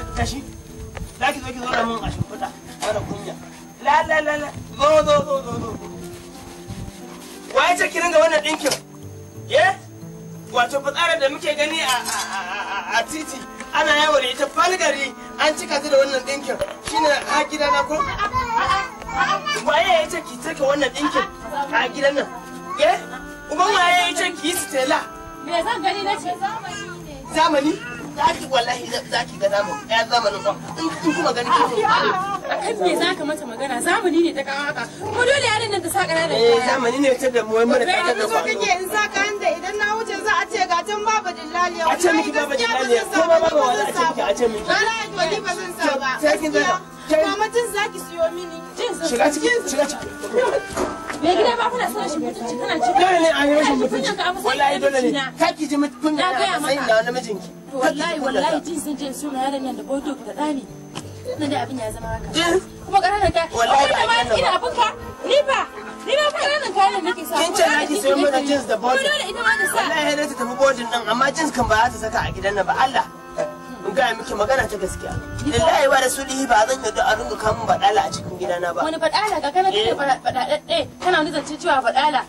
tashi za ki zo ki zauna min a shimfiɗa mara kunya la la zo zo zo zo zo waye ce ki wannan ɗinkin ye wato fitsarar da muke gani a titi ana yawo da ita falgari an cika ta da wannan ɗinkin shine ha gida na ko waye ya ce ki take wannan ɗinkin a gidan nan ye uban waye ya ce ki yi sitela me zan gani na ce zamani ne zamani zaki wallahi zaki ga zamu ya zamanin son in kuma gani ke so a kan me zaka mata magana zamani ne ta kawo haka ko dole yaron nan ta sa kana da eh zamani ne ta da mu wai mana ta da kwano kake in sa kan idan na wuce za a ce ga tan baba dillali a ce miki baba dillali ko baba wala a ce miki a ce miki wallahi to ni ba zan sa ba sai kin ga mama jin zaki siyo mini shiga cikin shiga cikin Me gida ba kuna son shi mutunci kana cikin. Dole ne an yi rashin mutunci. Wallahi dole ne. Ka ki ji mutunci na a matsayin da wani mijinki. Wallahi wallahi jin sun je suna yaron da bodo da ɗani. Na da abin ya zama haka. Eh? Kuma ƙananan ka. Wallahi ba a yi nan Ni ba. Ni ba ƙananan kayan nake sa. Kin ce na ki sayo mana jeans da bodo. Dole ita ma ta sa. Wallahi dai ta tafi bodin nan amma jeans kan ba za ta saka a gidan nan ba Allah. in gaya miki magana ta gaskiya lillahi wa rasulihi ba zan yarda a runga kamun badala a cikin gidana ba wani badala ka kana kike eh. kana wani zance cewa badala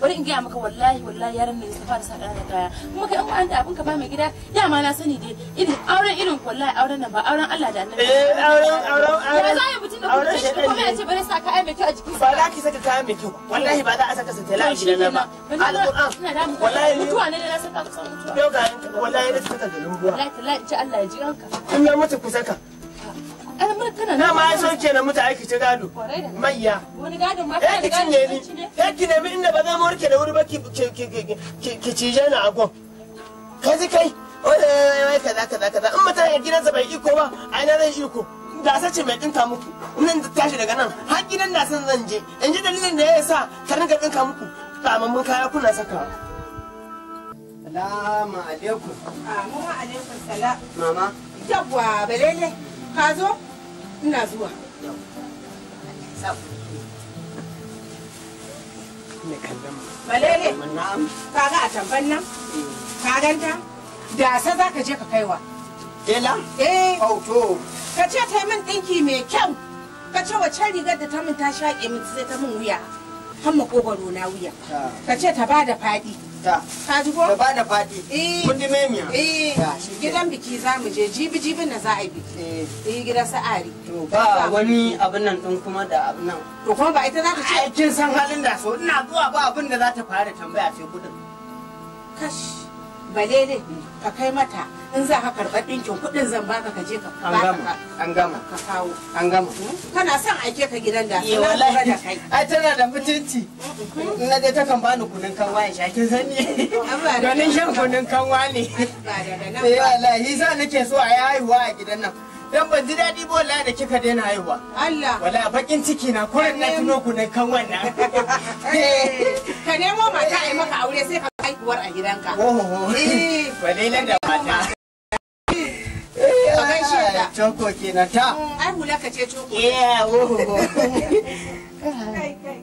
bari in gaya maka wallahi wallahi yaran nan su da sa da kaya kuma kai an da abin ka ba mai gida ma na sani dai irin auren irin wallahi auren nan ba auren Allah da Annabi eh auren auren auren ya zai mutun da kuma shi kuma ya ce bari sa kaya mai kyau a jikin ba za ki saka kaya mai kyau wallahi ba za a saka satela lafi gidan nan ba alquran ah, wallahi mutuwa ne da saka kusan mutuwa yau ga wallahi ne saka da lumbuwa wallahi ta Allah ya ji ranka in ya mutu ku saka almar kana na ma so kenan muta aiki ta gado mayya wani gado ma eh, kana da gado ne ya eh, ki nemi inda ba za mu warke da wuri ba ki ki cije na agon kaji kai wai wai kaza kaza kaza in mutum ya gidansa bai iko ba ai na zan iko gasa sace mai dinka muku nan ta tashi daga nan har gidan da san zan je in ji dalilin da ya sa ka rinka dinka muku kamammun kaya kuna sakawa Salamu alaikum. Amma alaikum salam. Mama. Yawwa balele. ka zo ina zuwa Malele, ka ga a tamban nan? Ka ganta? Da za ka je ka kaiwa. ela Eh. Auto. Oh, ka ce ta min ɗinki mai kyau. Ka ce wacce rigar da ta min ta shaƙe min sai ta min wuya. Hamma kogaro na wuya. Ka ce ta ba da faɗi. ta kaji ko da fadi eh. kundi memiya eh gidan biki za mu je jibi jibin da za a yi biki eh, eh gidan sa'ari ba wani abin nan din kuma da abin nan to kuma ba ita za ta ce kin san halin da so ina zuwa ba abin da za ta fara tambaya sai gudun kash balele ka kai mata in za ka karɓar ɗinkin kuɗin zan baka ka je ka an gama ka kawo an gama hmm? kana son aike ka gidan da sai eh, na lura da kai ai tana da mutunci hmm? na je ta kan bani kunun kanwa ya shaki sani domin shan kunun kanwa ne sai eh, wallahi za nake so a yi haihuwa a gidan nan dan ban ji daɗi ba wallahi da kika daina haihuwa Allah Wala bakin ciki na kurin na tuno kunun kanwan na eh, ka nemo mata a yi maka aure sai ka haihuwar a gidanka. Ohoho, ba dai da mata. an shaida coko kenan ta mm, ai hula ka ce coko eh oh kai kai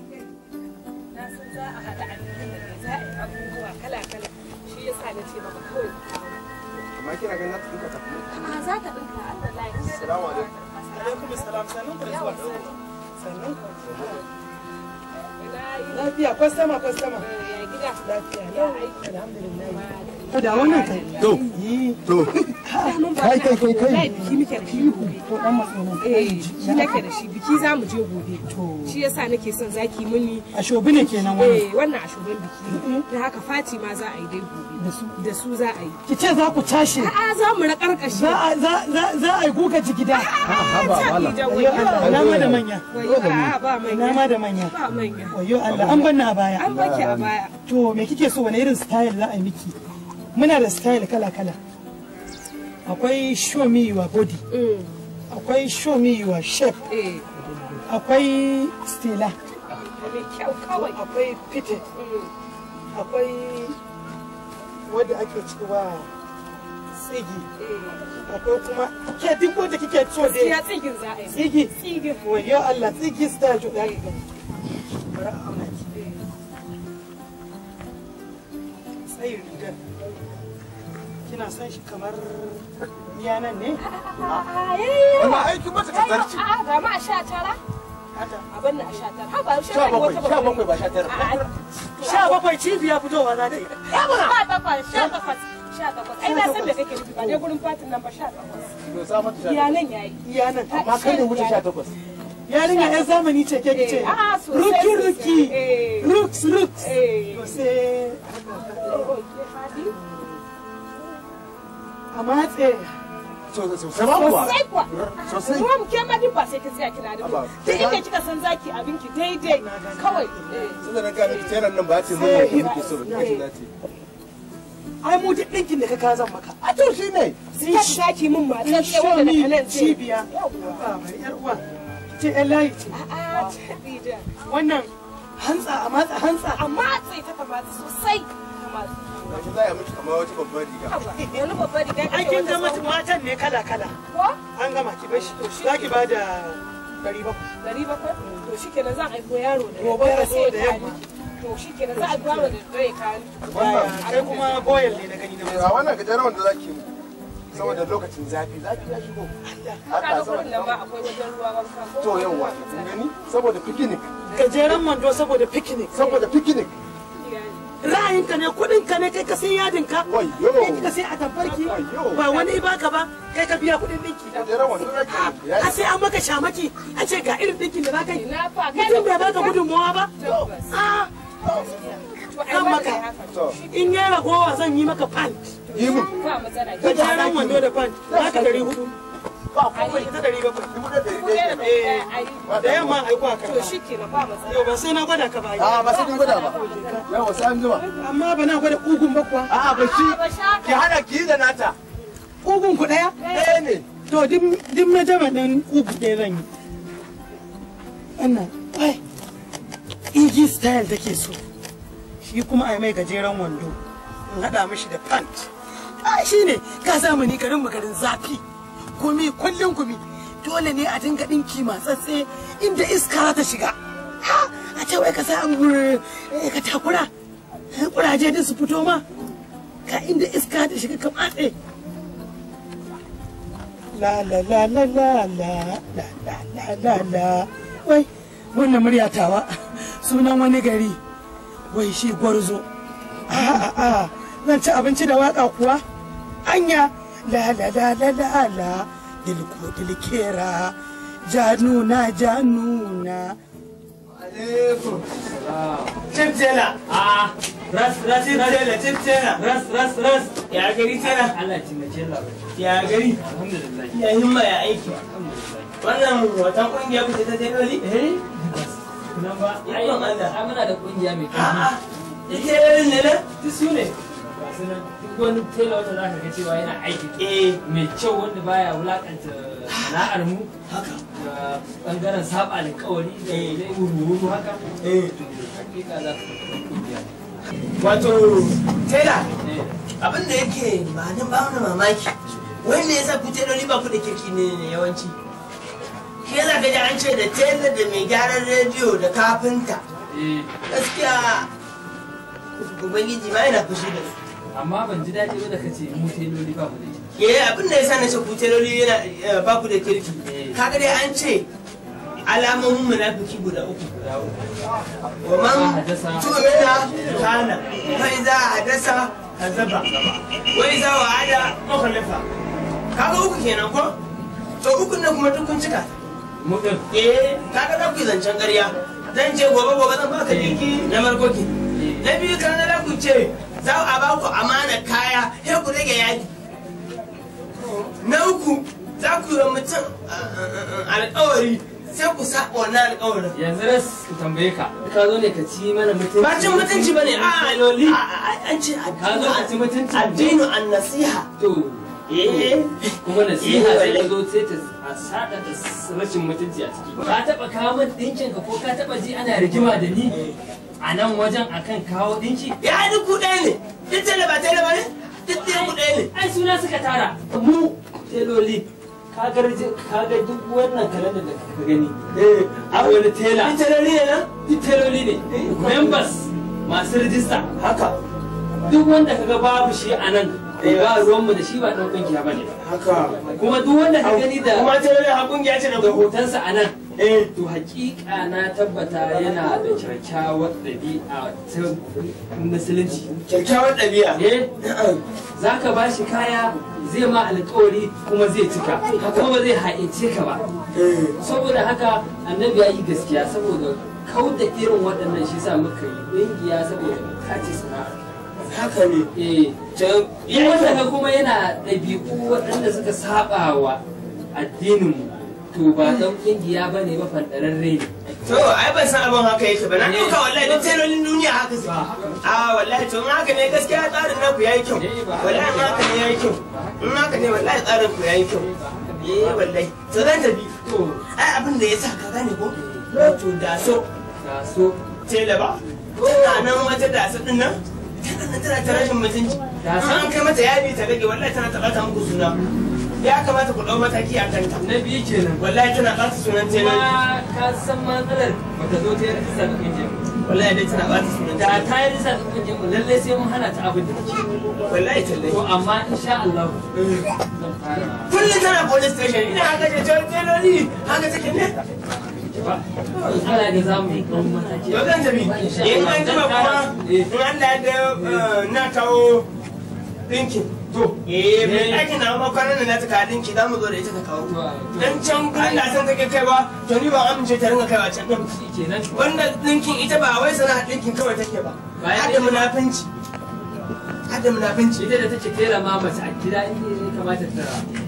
na san za a hada za a abubuwa kala kala shi yasa na ce maka kawai amma kina ganin ta dinka tafi a za ta dinka Allah lafiya assalamu alaikum alaikum assalam sannan ku da zuwa sannan ku lafiya kwastama kwastama eh, gida lafiya ya alhamdulillah da wannan kai to to kai kai kai kai biki muke fi to dan masono eh shi nake da shi biki zamu je gobe to shi yasa nake son zaki muni ashobi ne kenan wannan eh wannan ashobin biki da haka Fatima za a dai gobe da su za a ki ce za ku tashi a'a za mu rakarkashe za za a yi kuka ji gida a'a ba wala na ma da manya a'a ba manya na ma da manya ba manya wayo Allah an banna a baya an baki a baya to me kike so wani irin style za a miki muna da style kala-kala akwai show me your body mm. akwai show me your shape eh. akwai stila akwai fitted mm. akwai wadda ake cewa tsigi eh. akwai kuma ke duk wadda kike so dai ya tsigi za a yi tsigi tsigi wayo Allah tsigi star ju da gani tsayin rigar kina son shi kamar iya nan ne? ma aiki mata ka zarci. A'a ga ma a sha tara. Abin na a sha tara. Haba sha bakwai sha bakwai ba sha tara. Sha bakwai cibiya fitowa za ta yi. Sha takwas sha takwas. Sha takwas. Ai na san da kake nufi ba dai gurin fatin nan sha takwas. To sa mata sha amma kan ya wuce sha takwas. yarinya yan zamani ce ke ce eh, ruki ruki eh. ruks ruks eh. to sai a matse sosai kuwa ruwan duk ba sai ka tsaya kira da duk inda kika san zaki abinki ki daidai kawai eh. tunda na gane ki tsayanan nan ba ce mun muke so ba ai mu duk da ka ka zan maka a to shine wannan hantsa a matsa hantsa a matsa ta kamata sosai Wace za a miki kamar wata babbar riga. Wani babbar riga kake wata kin ga matan ne kala kala. Ko? An gama ki bashi. Za ki ba da ɗari bakwai. Ɗari bakwai? To shi kenan za a aiko yaro da gobe ya so da yamma. To shi kenan za a aiko yaro da dare kayan. Wannan kai kuma boyel ne na gani na masu. Wannan gajeren wanda za ki yi. saboda lokacin zafi zafi ya shigo haka saboda nan ba akwai wajen ruwa wanka to yawa gani saboda picnic gajeren wando saboda picnic saboda picnic ra'ayinka ne kuɗinka ne kai ka sai yadinka kai ka sai a tabbarki ba wani baka ba kai ka biya kuɗin ɗinki a sai an maka shamaki a ce ga irin ɗinkin da baka yi mutum bai baka gudunmawa ba kan maka in ya ragowa zan yi maka pant gajeren wando da pant baka dari hudu ba komai ta dari bakwai dubu da dari ɗaya da yamma a yi kuwa to shi ba matsala yau ba sai na gwada ka ba a ba sai na gwada ba yau sai an zuba amma ba na gwada kugun ba kuwa a ba shi ki hada ki yi da nata kugun ku ɗaya ɗaya ne to duk na jama ɗan kugu ɗaya zan yi wannan ai igi style take so shi kuma a mai gajeren wando in haɗa mishi da pant ai shine ka mu ni garin mu garin zafi komi kwallon komi dole ne a dinga dinki matsatse inda iska ta shiga ha a ce wai ka sa eh, ka takura kuraje eh, din su fito ma ka inda iska ta shiga ka matse la la la la la la la la la la wai wannan murya tawa sunan wani gari wai shi gwarzo a a a zan ci abinci da waka kuwa anya la la la la la la dilko dilkera januna januna alaikum cip tela a ah. ras ras tela cip tela ras ras ras ya gari tela Allah taimake la ya gari alhamdulillah ya himma ya aiki wannan wata kungiya ku ta teloli eh nan ba ya yi Allah muna da kungiya mai kyau ita ne ne su ne ga su nan duk wani tela wanda za ka ga cewa yana aiki eh, mai kyau wanda baya wulakanta sana'ar mu haka bangaren saba alkawari da zai eh. wuru haka eh to hakika za ka wato tela eh. abin da yake ba nan ba wani mamaki wai me yasa ku teloli ba ku da kirki ne yawanci ke za ka ji an ce da tela da mai gyaran rediyo da kafinta gaskiya ubangiji ma yana fushi da su amma ban ji daɗi ba da ka ce mu eh, eh, ba ku da kirki eh abin da yasa na ce ku teloli yana ba ku da kirki kaga dai an ce alamomin munafiki guda uku wa man tumina kana fa iza hadasa kazaba wa iza wa'ada mukhalifa kaga uku kenan ko to uku nan kuma dukun cika mutum eh kaga za ku yi zancen ƙarya zan ce gobe gobe zan baka dinki eh. na markoki na biyu kana za ku ce za a ba ku amana kaya sai ku rage yaji na uku za ku yi mutum alkawari sai ku sa wannan alkawarin yanzu ras ku tambaye ka ka zo ne ka ci mana mutunci ba cin mutunci bane a aloli an ce ka zo ka ci mutunci addinu an nasiha eh, eh. to kuma nasiha eh, sai ka zo sai ta sada da rashin mutunci a ciki ka taba kawo min dinkin ka ko ka taba ji ana rigima da ni a nan wajen akan kawo din ya ni ku ɗaya ne ba tele ba ne duk tele ku ɗaya ne ai suna suka tara mu teloli ka ga duk wannan kalandar da ka gani eh a wani tela duk teloli ne nan duk teloli ne eh, members masu rijista haka duk wanda kaga babu shi a nan eh, ba ruwanmu da shi ba ɗaukan kungiya ba ne haka kuma duk wanda ka gani da kuma teloli a kungiya ce da hotonsa a nan eh to hakika na tabbata yana da kyakkyawar ɗabi'a ta musulunci kyakkyawar ɗabi'a eh za ka ba shi kaya zai ma alƙawari kuma zai cika kuma ba zai haice ka ba eh. saboda haka annabi ya yi gaskiya saboda kau da irin waɗannan shi sa muka yi ƙungiya saboda kace sana'a haka ne eh wanda kuma yana ɗabi'u waɗanda suka saba wa mu. to ba dan kungiya bane ba fandararre ne to ai ban san abin haka yake ba na dauka eh. wallahi duk telolin duniya haka su a ah, wallahi to in haka ne gaskiya tsarin naku yayi kyau eh, wallahi in haka ne yayi kyau in haka ne wallahi tsarin ku yayi kyau eh wallahi to zan tafi to ai abin da yasa ka gane ko to da so da so tela ba oh. tana nan wata da so din nan tana tana ta rashin mutunci an kai mata yabi ta rage wallahi tana ta bata muku suna ya kamata ku ɗau mataki a kanta na biyu kenan wallahi tana ɓata sunan ta ma ka san matsalar bata zo ta yi rajista da kungiyar wallahi dai tana ɓata sunan ta ta yi rajista da kungiyar mu lallai sai mun hana ta abin da take wallahi tallahi to amma insha Allah eh, kullum tana police station ina haka ce jon jeloli haka take ne Allah ne za mu yi ɗan mataki. Yau zan tafi, in an jima kuma in Allah ya eh, na kawo dinki to eh me eh. aikin da amma kwanan na ta ka dinki za mu zo da ita ka kawo dan can gurin da san take ba to ni ba amince ta ringa kaiwa can kenan wanda dinkin ita ba wai sana dinkin kawai take ba har da munafinci har da munafinci ita da take tera ma mace a gida inda ne kamata ta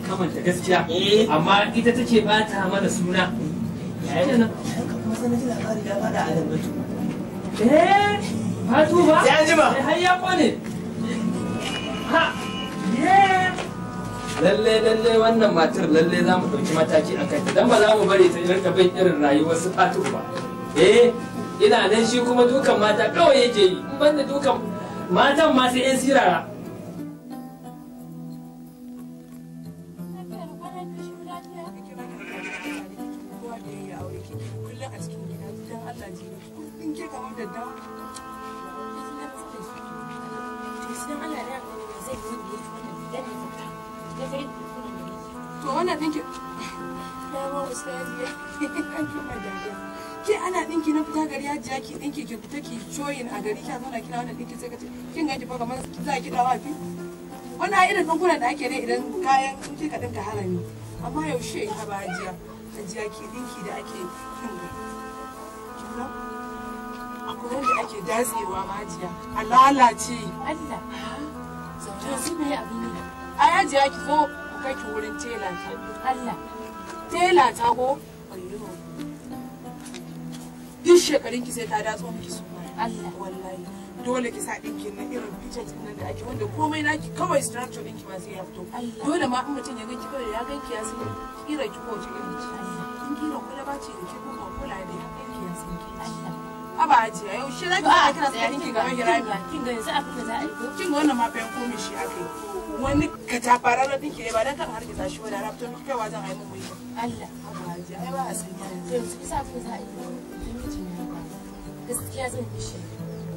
kamanta gaskiya eh. amma ita take ta mana suna yayin nan kuma sanin labari ya fada a lambatu eh fatu ba sai an jima eh, har ya kone lalle lalle wannan matar lalle za mu ɗauki mataki a kai don ba za mu bari ta rinka bin irin rayuwar su fatu ba eh ina nan shi kuma dukan mata kawai yake yi ban banda dukan matan ma yan sirara ɗin harami amma yaushe in haɓa ajiya hajiya da ake yin ga akwai wanda ake ma ajiya a lalace Allah zaune su mai ai hajiya ki zo ku kai wurin tela ta Allah tela ta ko duk shekarun ki sai ta datso miki su Allah wallahi dole ki sa ɗinkin na irin pictures ɗin da ake wanda komai naki kawai structure ɗinki ba sai ya fito dole ma in mutum ya ganki kawai ya ganki ya san kira ki ko ci irin in kira kula ba ce da ki ko kula da ɗinki ya san ki haba ce a yau shi za ki fara kira sai ɗinki kamar hirami kin ga yanzu a fita za a yi kin ga wannan ma fa shi aka yi wani ɗinki ne ba dan kan hargitsa shi ba da rafton kaiwa zan ayi mun mai Allah haba ce ai ba a san yanzu yanzu ki sa fita za a yi gaskiya zan yi shi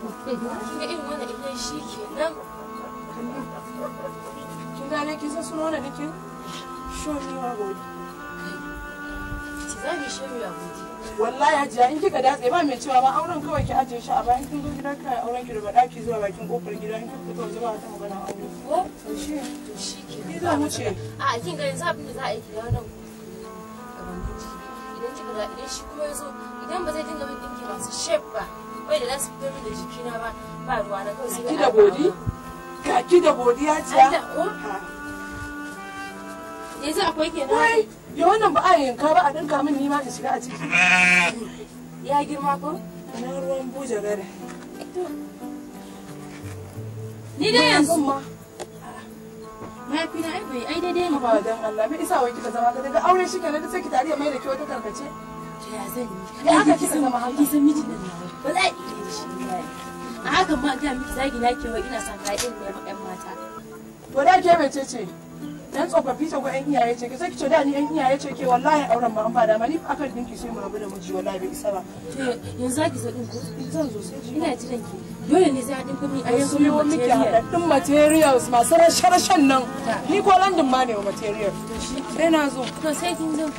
Kinga irin wannan idan shi ke nan. Kin gane kin san sunan wannan ɗinkin? Show me your body. Ki za ki show me your body. Wallahi hajiya in kika datse ba mai cewa ba auren kawai ki ajiye shi a bayan kin zo gidan ka auren ki da daki zuwa bakin kofar gida in kin fito zuwa ta magana aure. Ko? Shi to shi ke. Ki za mu ce. A kin ga yanzu abin da za a yi ki dawo nan. Idan kika da idan shi kuma ya zo idan ba zai dinga bin ɗinki masu shape ba. kaki da za da ya ce yanzu akwai ya wannan ba a yanka ba a dinka min nima in shiga a ciki ya girma ko na ruwan buja gada ni dai yanzu ma mahaifina ai ai daidai ne ba dan Allah isa wai kika zama ka daga aure shi kenan da sai ki mai da wata ya zan yi ya haka kisa zama haka kisa miji ba za a iya da shi ne a haka ma ga miki zagi na kewa ina son ka irin ne ma ƴan mata to da ke mece ce dan tsofaffi ta gwa yan iyaye ce ke sai ki ce da ni ƴan iyaye ce ke wallahi auren ma an ba dama ni akan dinki sai mu rabu da miji wallahi bai isa ba yanzu zaki zo ko zan zo sai ina jiran ki dole ne sai haɗin kuɗi a yanzu yi miki haɗaɗɗun materials masu rashe-rashen nan ni ko landin ma ne wa material sai na zo to sai kin zo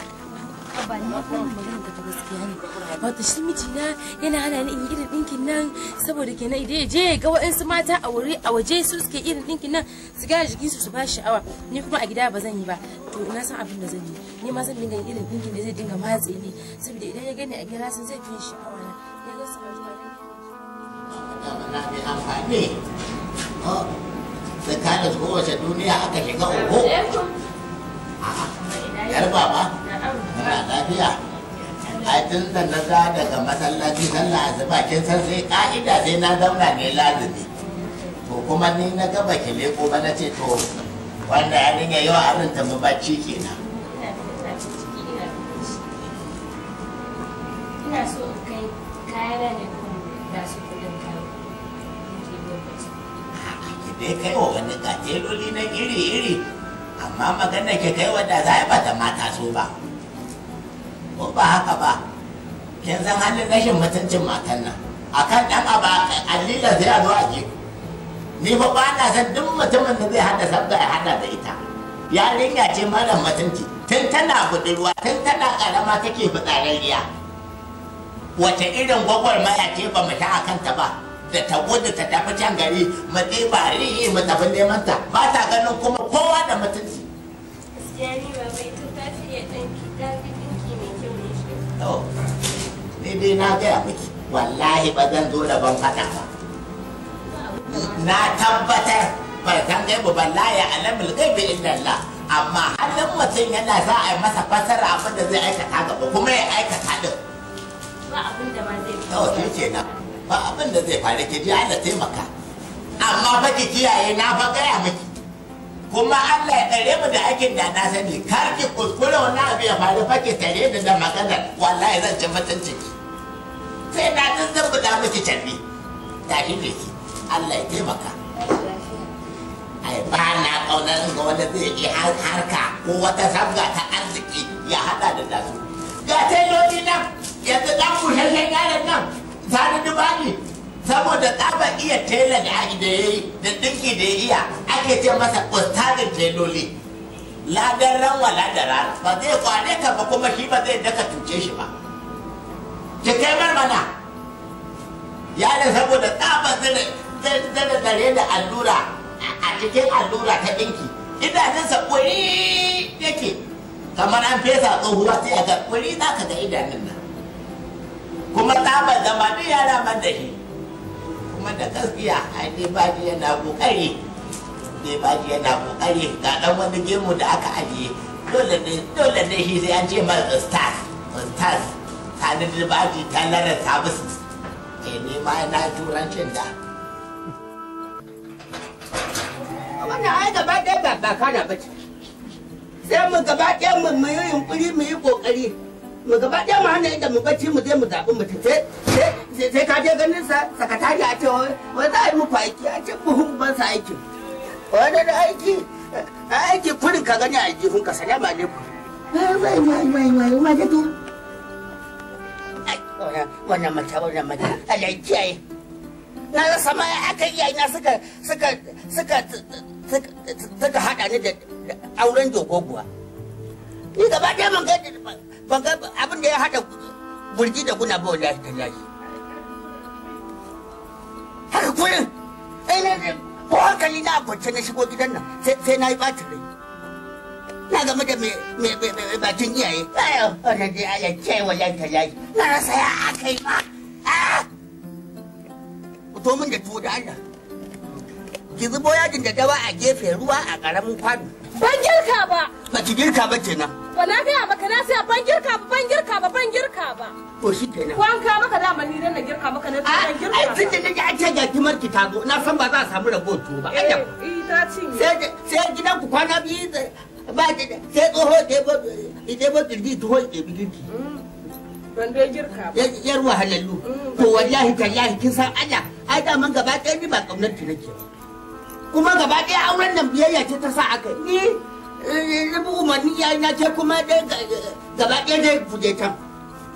ba ni wannan magana ka ta gaskiya ne wato shi mijina yana hana ni in irin ɗinkin nan saboda kenan idan ya je ya ga waɗansu mata a wuri a waje su suke irin ɗinkin nan su ga jikin su su ba sha'awa ni kuma a gida ba zan yi ba to ina san abin da zan yi ni ma zan dinga irin ɗinkin da zai dinga matse ni saboda idan ya gani a gida sun zai fi sha'awa na ya ga sauran zuwa na bi amfani tsakanin kowace duniya aka shiga uku yar baba muna lafiya a tun da na za daga masallaci sallah azuba kin san sai ka'ida sai na zauna ne lazumi to kuma ni na ga ki leko ba na ce to wanda yarinya yau arin ta mabacci kenan ina so in kai kayana ne da su kudin kai dai kai wa wani kace loli na iri iri amma magana ke kai wadda za ba bata mata so ba ko ba haka ba kin halin rashin mutuncin matan nan akan dan aba allila zai a zo a je ni fa ba na san duk mutumin da zai hada sabga ya hada da ita yarinya ce mara mutunci tun tana budurwa tun tana karama take fitsararriya wace irin gwagwarmaya ce ba mu ta akan ba da tabo da ta tafi can gari matse ba ri mu tafi neman ta ba ta ganin kuma kowa da mutunci ni ne dai na gaya miki wallahi ba zan zo da ban faɗa ba na tabbatar farkan gaibu wallahi alamul gaibi inda Allah amma halin mutum yana za a yi masa fasara abin da zai aikata gaba kuma ya aikata din ba abin da ma zai fi ba abin da zai faru ke ji Allah taimaka amma ba ki kiyaye na fa gaya miki kuma Allah ya tsare mu da aikin da na sani kar ki kuskure wannan abin ya faru faki ki tare da da magana wallahi zan ci mutunci ki sai na tun zan buɗa miki tarbi shi ne ki Allah ya taimaka ai ba na kaunar ga wanda zai yi harka ko wata sabga ta arziki ya hada da nasu ga tailoli nan yanzu dan bushashen yaron nan sani dubani saboda tsaba iya tela da ya yi da dinki da ya iya ake ce masa ustadin teloli ladan ranwa ladan rana ba zai kwane ka ba kuma shi ba zai daka tuce shi ba ki kai mana ya saboda tsaba zai zare da allura a cikin allura ta dinki idanunsa kuri yake kamar an fesa tsohuwa sai a ga kuri za ka ga idanun kuma tsabar zama duk ya ramar da shi kuma da gaskiya ai baji yana kokari dai baji yana kokari ga dan wani gemu da aka ajiye dole ne dole ne shi sai an ce ma ustaz ustaz tani da baji ta lara sabis eh ne ma na turancin da wannan ai gaba ba ba kana bace sai mu gaba ɗaya mu yi yunkuri mu yi kokari mu gaba ɗaya mu hana inda mu bacci mu je mu zaɓi mu sai sai ka je ganin sa sakatari a ce wai za a yi muku aiki a ce buhun ban sa aiki wani da aiki aiki kurin ka gani a jihun ka salama wai wai wai wai ma da tu wannan mata wannan mata Allah kiyaye na rasa aka iyaye na suka suka suka suka hada ni da auren jogoguwa ni gaba ɗaya mun ban ga abin da ya hada burji da guna ba wallahi tallahi haka kurin ko hankali na abuce na shigo gidan nan sai na yi bacin rai na game da mai bakin iyaye ayo wata je aya ce wallahi tallahi na rasa ya yi. ma to min da tuwo da Allah ki zubo yajin da dawa a gefe ruwa a ƙaramin kwano Ban girka ba. Ba ki girka ba kenan. Ba na gaya maka na sai ban girka ba ban girka ba ban girka ba. To shi kenan. Wanka maka da mani dan na girka maka na ban girka. Ai tunda nake an taga ki marki tago na san ba za a samu rago to ba. Eh, eh ta cinye. Sai sai gidan ku kwana biyu eh, ba sai tsoho da ba ide ba dirgi to hoye Ban dai girka ba. Yar wahalallu. Mm. To wallahi tallahi kin san Allah ai da man gaba ɗaya ni ba kaunar ki nake ba. kuma gaba ɗaya auren nan biyayya ce ta sa aka yi ni rubu eh, umarni ya na ce kuma gaba ɗaya dai buɗe can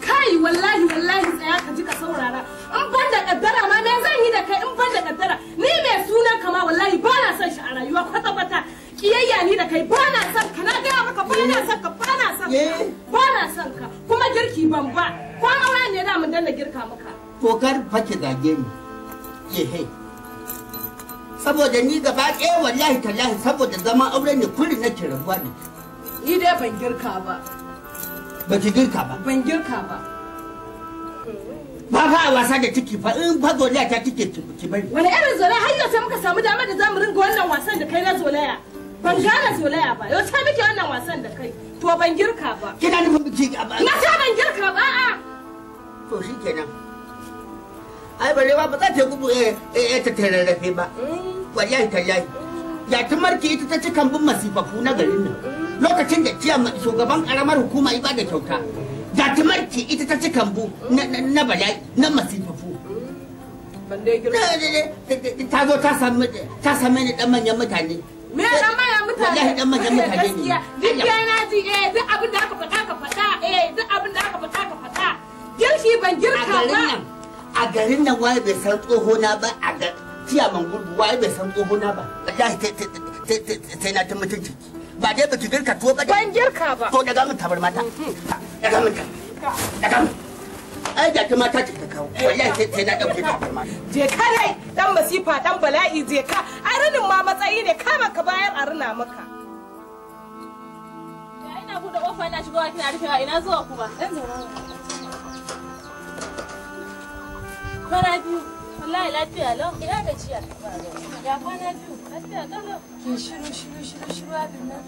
kai wallahi wallahi tsaya ka ji ka saurara in ban da kaddara ma me zan yi da kai in ban da kaddara ni mai sunan kama wallahi ba na son shi a rayuwa kwata kwata kiyayya ni da kai ba na son ka na ga maka ba na son ka ba na son ka eh. ba na son ka kuma girki ban ba ko aure ne da mun danna girka maka to kar fa ki zage ni ehe saboda ni gaba ɗaya wallahi tallahi saboda zaman aure ne kullum na rabuwa ne ni dai ban girka ba ba ki girka ba ban girka ba ba fa a wasa da ciki fa in fa zolaya ta ciki ki bari wani irin zolaya har yau sai muka samu dama da zamu ringa wannan wasan da kai na zolaya ban gane zolaya ba yau sai muke wannan wasan da kai to ban girka ba kina nufin ki ba na ce ban girka ba a'a to shikenan ai barewa ba za ta yi gudu eh, eh, eh ta tararrafe ba wallahi tallahi ya ta marke ita ta ci kambun masifafu na garin nan lokacin da tiya shugaban karamar hukuma ba da kyauta ya ta marke ita ta ci kambu na bala'i na masifafu ta zo ta same ni dan manyan mutane me dan manyan mutane wallahi dan manyan mutane ne duk na ji eh duk abin da aka faɗa ka faɗa eh duk abin da aka faɗa a garin nan waye bai san tsohona ba a ga man gurbu waye bai san tsohona ba wallahi sai na ta mutunci ba dai ba ki girka tuwo ba ban girka ba to daga mun tabar mata mhm. daga mun daga mun ai da ta mata ce ta kawo wallahi sai sai na dauke ta tabar mata je kare dan masifa dan bala'i je ka arinin ma matsayi ne kama ka bayar arina maka ina buɗe ƙofa ina shigowa kina rufewa ina zuwa kuma dan zauna kwana biyu wallahi lafiya lau ina gajiya ya kwana biyu lafiya kalau ki shiru shiru shiru shiru abin nan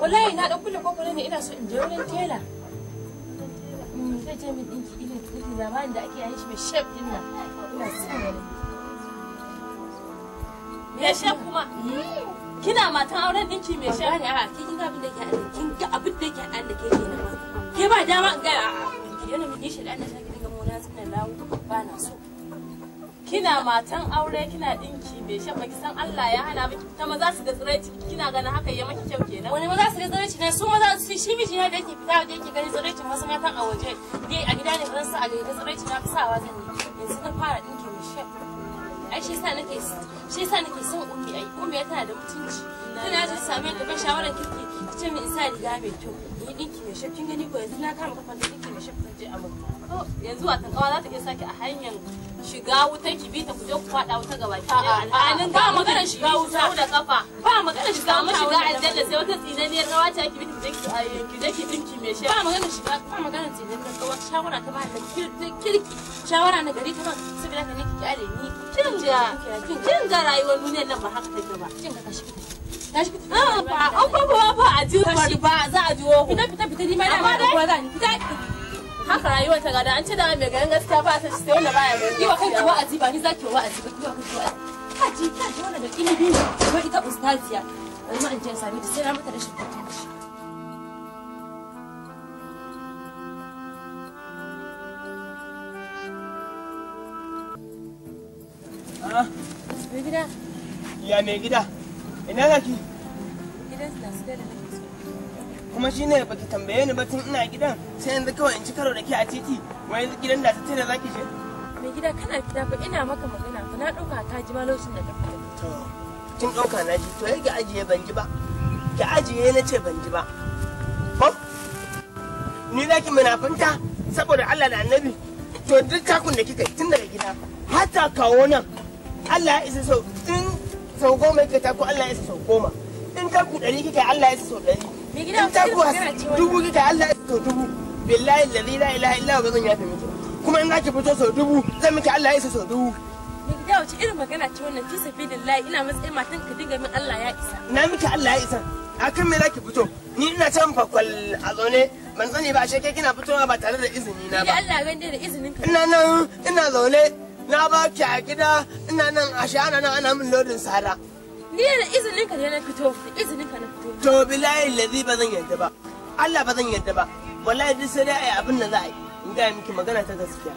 wallahi na dan kulle kokoro ne ina so in je wurin tela mm, zai je min dinki irin irin zamanin da ake yin shi mai shef din nan ina son ne me shef kuma kina matan auren dinki mai shef ne a kin ga abin da a kin ga abin da ke da kenan ke ba dama ga yana min dishi da annabi lawo ba na so kina matan aure kina dinki bai shan baki san Allah ya hana miki ta maza su ga tsiraici kina ganin haka ya maki kyau kenan wani maza su ga tsiraici ne su maza su shi miji ne da yake fita waje yake ganin tsiraici wasu matan a waje dai a gida ne ban sa a gaida tsiraici na fi sawa zan yi yanzu zan fara dinki mai shan ai shi yasa nake shi yasa nake son ummi ai ummi tana da mutunci tana jin same da ban shawarar kirki ce min isa riga mai kyau ni dinki mai shan kin gani ko yanzu na kama kafan da dinki mai shan zan je a mutum yanzu watan kawa za ta iya saki a hanyar shiga wutan ki bita ku je ku fada wuta gaba ki alhalin ba magana shiga wuta da kafa ba magana shiga mu shiga aljanna sai wata tsinaniyar kawa ta ki da ki je ki dinki me shi ba magana shiga ba magana tsinaniyar kawa shawara ta ba da kirki shawara na gari ta ba saboda ka ne ki kyale ni kin ga kin ga rayuwar duniyar nan ba haka take ba kin ga kashi tashi fita ba ba a ji ba za a ji wo fita fita fita ni ma da ba za ni fita haka rayuwar ta gada an ci da mai ganin gaskiya ba ta sai wanda baya ganin yi wa kanki wa'azi ba ni za ki wa'azi ba ki wa kanki wa'azi ka ta ji wannan da ko ita ustaziya wani ma in je sami da sai na mata rashin mutunci ah. Mai gida? Ya mai gida? Ina zaki? Gidan su da su da kuma shi ne baki tambaye ni ba tun ina gidan sai yanzu kawai in ci karo da ke a titi wai gidan da ta ce da ki je mai gida kana fita ba ina maka magana ba na ɗauka ta ji ma da ka fita kin ɗauka na ji to yake ajiye ban ji ba ki ajiye na ce ban ji ba ko ni zaki munafunta saboda Allah da Annabi to duk takun da kika tun daga gida har ta kawo nan Allah ya isa sau in sau goma kika ta ko Allah ya isa sau goma in taku ɗari kika Allah ya isa sau ɗari in ta kuwa dubu kika Allah sau dubu billahi lalli la ilaha illa ba zan yafe miki kuma in zaki fito sau dubu zan miki Allah ya isa sau dubu da wace irin magana ce wannan fi safi ina matsayin matan ka dinga min Allah ya isa na miki Allah ya isa akan me zaki fito ni ina can fakwal a zaune ban sani ba ashe kai kina fitowa ba tare da izini na ba Allah ran da izinin ka ina nan ina zaune na ba ki a gida ina nan ashe ana nan ana min lodin sara Ni da izinin ka ne na fito, izinin na fito. To bilahi lazi ba zan yadda ba. Allah ba zan yadda ba. Wallahi duk sai dai ayi abin da za a yi. In ga miki magana ta gaskiya.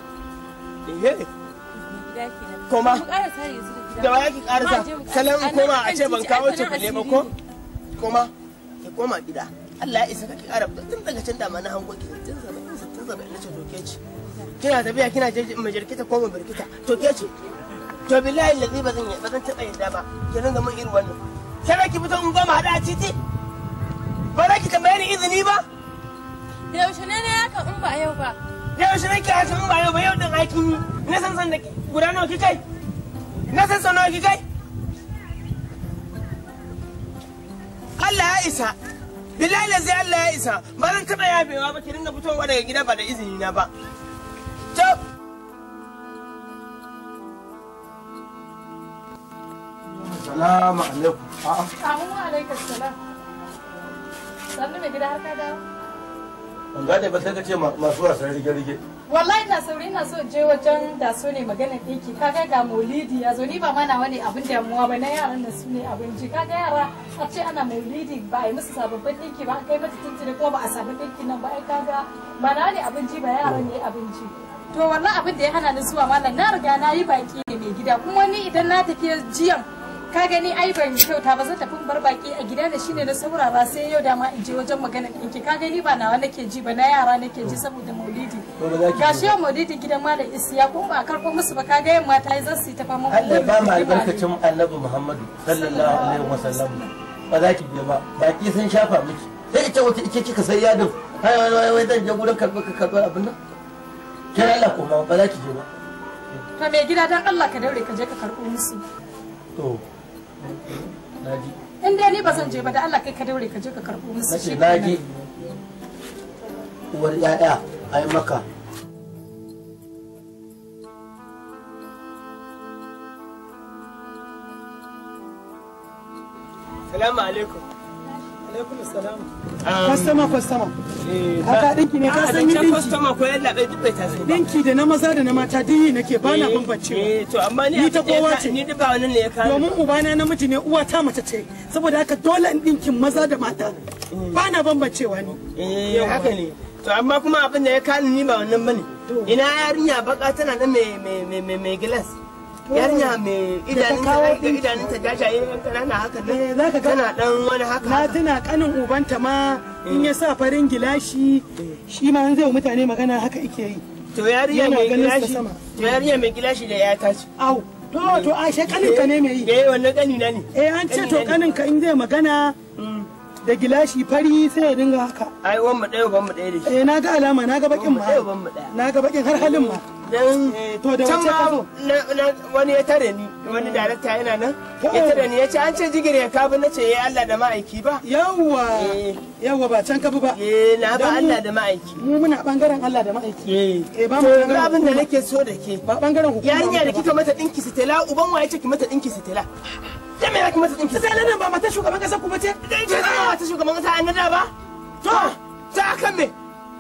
Eh. Koma. Da waya ki karasa. Salam koma a ce ban kawo cokale ba ko? Koma. Ki koma gida. Allah ya isa ka ki kara tun daga can ma na hango ki tun zaba tun zaba ina ce doke ce. Kina tafiya kina jirgin majirkita ko majirkita. Doke ce. to billahi lazi ba zan yi ba zan taɓa yadda ba ki ringa mun irin wannan sai ki fito in goma hada a titi ba za ki tambaye ni izini ba yaushe ne ne haka in ba yau ba yaushe ne ki haka in ba yau ba yau din aikin na san san da guda nawa ki kai na san san nawa ki kai Allah ya isa billahi lazi Allah ya isa ba zan taɓa yabewa ba ki dinga fitowa daga gida ba da izini na ba to salam alaikum. A'a. wa alaikum salam. Sannu mai gida har ka dawo. Ban gane ba sai ka ce masu wasan rige-rige. Wallahi na sauri na so je wajen da su ne magana ɗinki kaga ga maulidi ya zo ni ba mana wani abin damuwa ba na yaran da su ne abinci kaga yara a ce ana maulidi ba a yi musu sababbin ɗinki ba kai mata tuntuni kuma ba a samu ɗinki nan ba ai kaga ba na wani abinci ba yaran ne abinci. To wallahi abin da ya hana ni zuwa malam na riga na yi baƙi ne mai gida kuma ni idan na tafi jiyan ka gani ai ban kyauta ba zan tafi bar baki a gida da shine na saurara sai yau da ma in je wajen magana ɗinki ka gani ba nawa nake ji ba na yara nake ji saboda maulidi ga shi yau maulidi gidan malam isiya kun ba karɓo musu ba ka ga yamma ta yi zan su ta fama Allah ba ma albarkacin annabi Muhammadu sallallahu alaihi wasallam ba za ki biya ba baki sun shafa miki sai ita wata ike kika sai ya yadin hai wai wai wai zan je gurin karɓar ka karɓar abin nan kira Allah kuma ba za ki je ba to me gida dan Allah ka daure ka je ka karɓo musu to in dai ni ba zan je ba da Allah kai ka daure ka je ka karɓo musu shi naji uwar yaya ai maka Salamu alaikum. kwastama um, kwastama eh, haka dinki ne ka san yin kwastama ko yalla bai dubbe ta sai dinki da na maza da na mata dinki nake ba na eh, bambancewa eh, to amma ni ta kowa ce ni duba wannan ne ya kawo domin ubana namiji ne uwa ta mace ce saboda haka dole in dinkin maza da mata ba na bambancewa ne eh haka ne to amma kuma abin da ya kawo ni ba wannan bane ina yarinya baka tana da mai mai mai mai glass yarinya mai idanunta jajaye kanana haka eh, ka tana dan wani haka na tana kanin ubanta ma eh. in ya sa farin gilashi eh. shi ma an zai mutane magana haka ike yi to yarinya mai gilashi to yarinya mai gilashi da ya tashi au to to a she kanin ka ne mai yi eh wannan kani na ne eh an ce to kanin ka in zai magana mm. da gilashi fari sai ya dinga haka ai wan mu daya ban mu daya da shi eh na ga alama na ga bakin ma na ga bakin har halin ma dan eh, can ma wani ya tare ni wani darakta yana nan ya oh. tare ni ya ce an ce jigir ya kabu na ce ya eh, Allah da ma'aiki ba yawwa eh. yawwa ba can ka bi ba eh na ba Allah da ma'aiki mu muna bangaren Allah da ma'aiki eh ba mu ga abin da nake so da ke ba bangaren hukuma yarinya da kika mata dinki sitela uban waye ce ki mata dinki sitela da me ya ki mata dinki sitela nan ba mata shugaban kasa ku ba ce ce ba mata shugaban kasa an da ba to ta kan me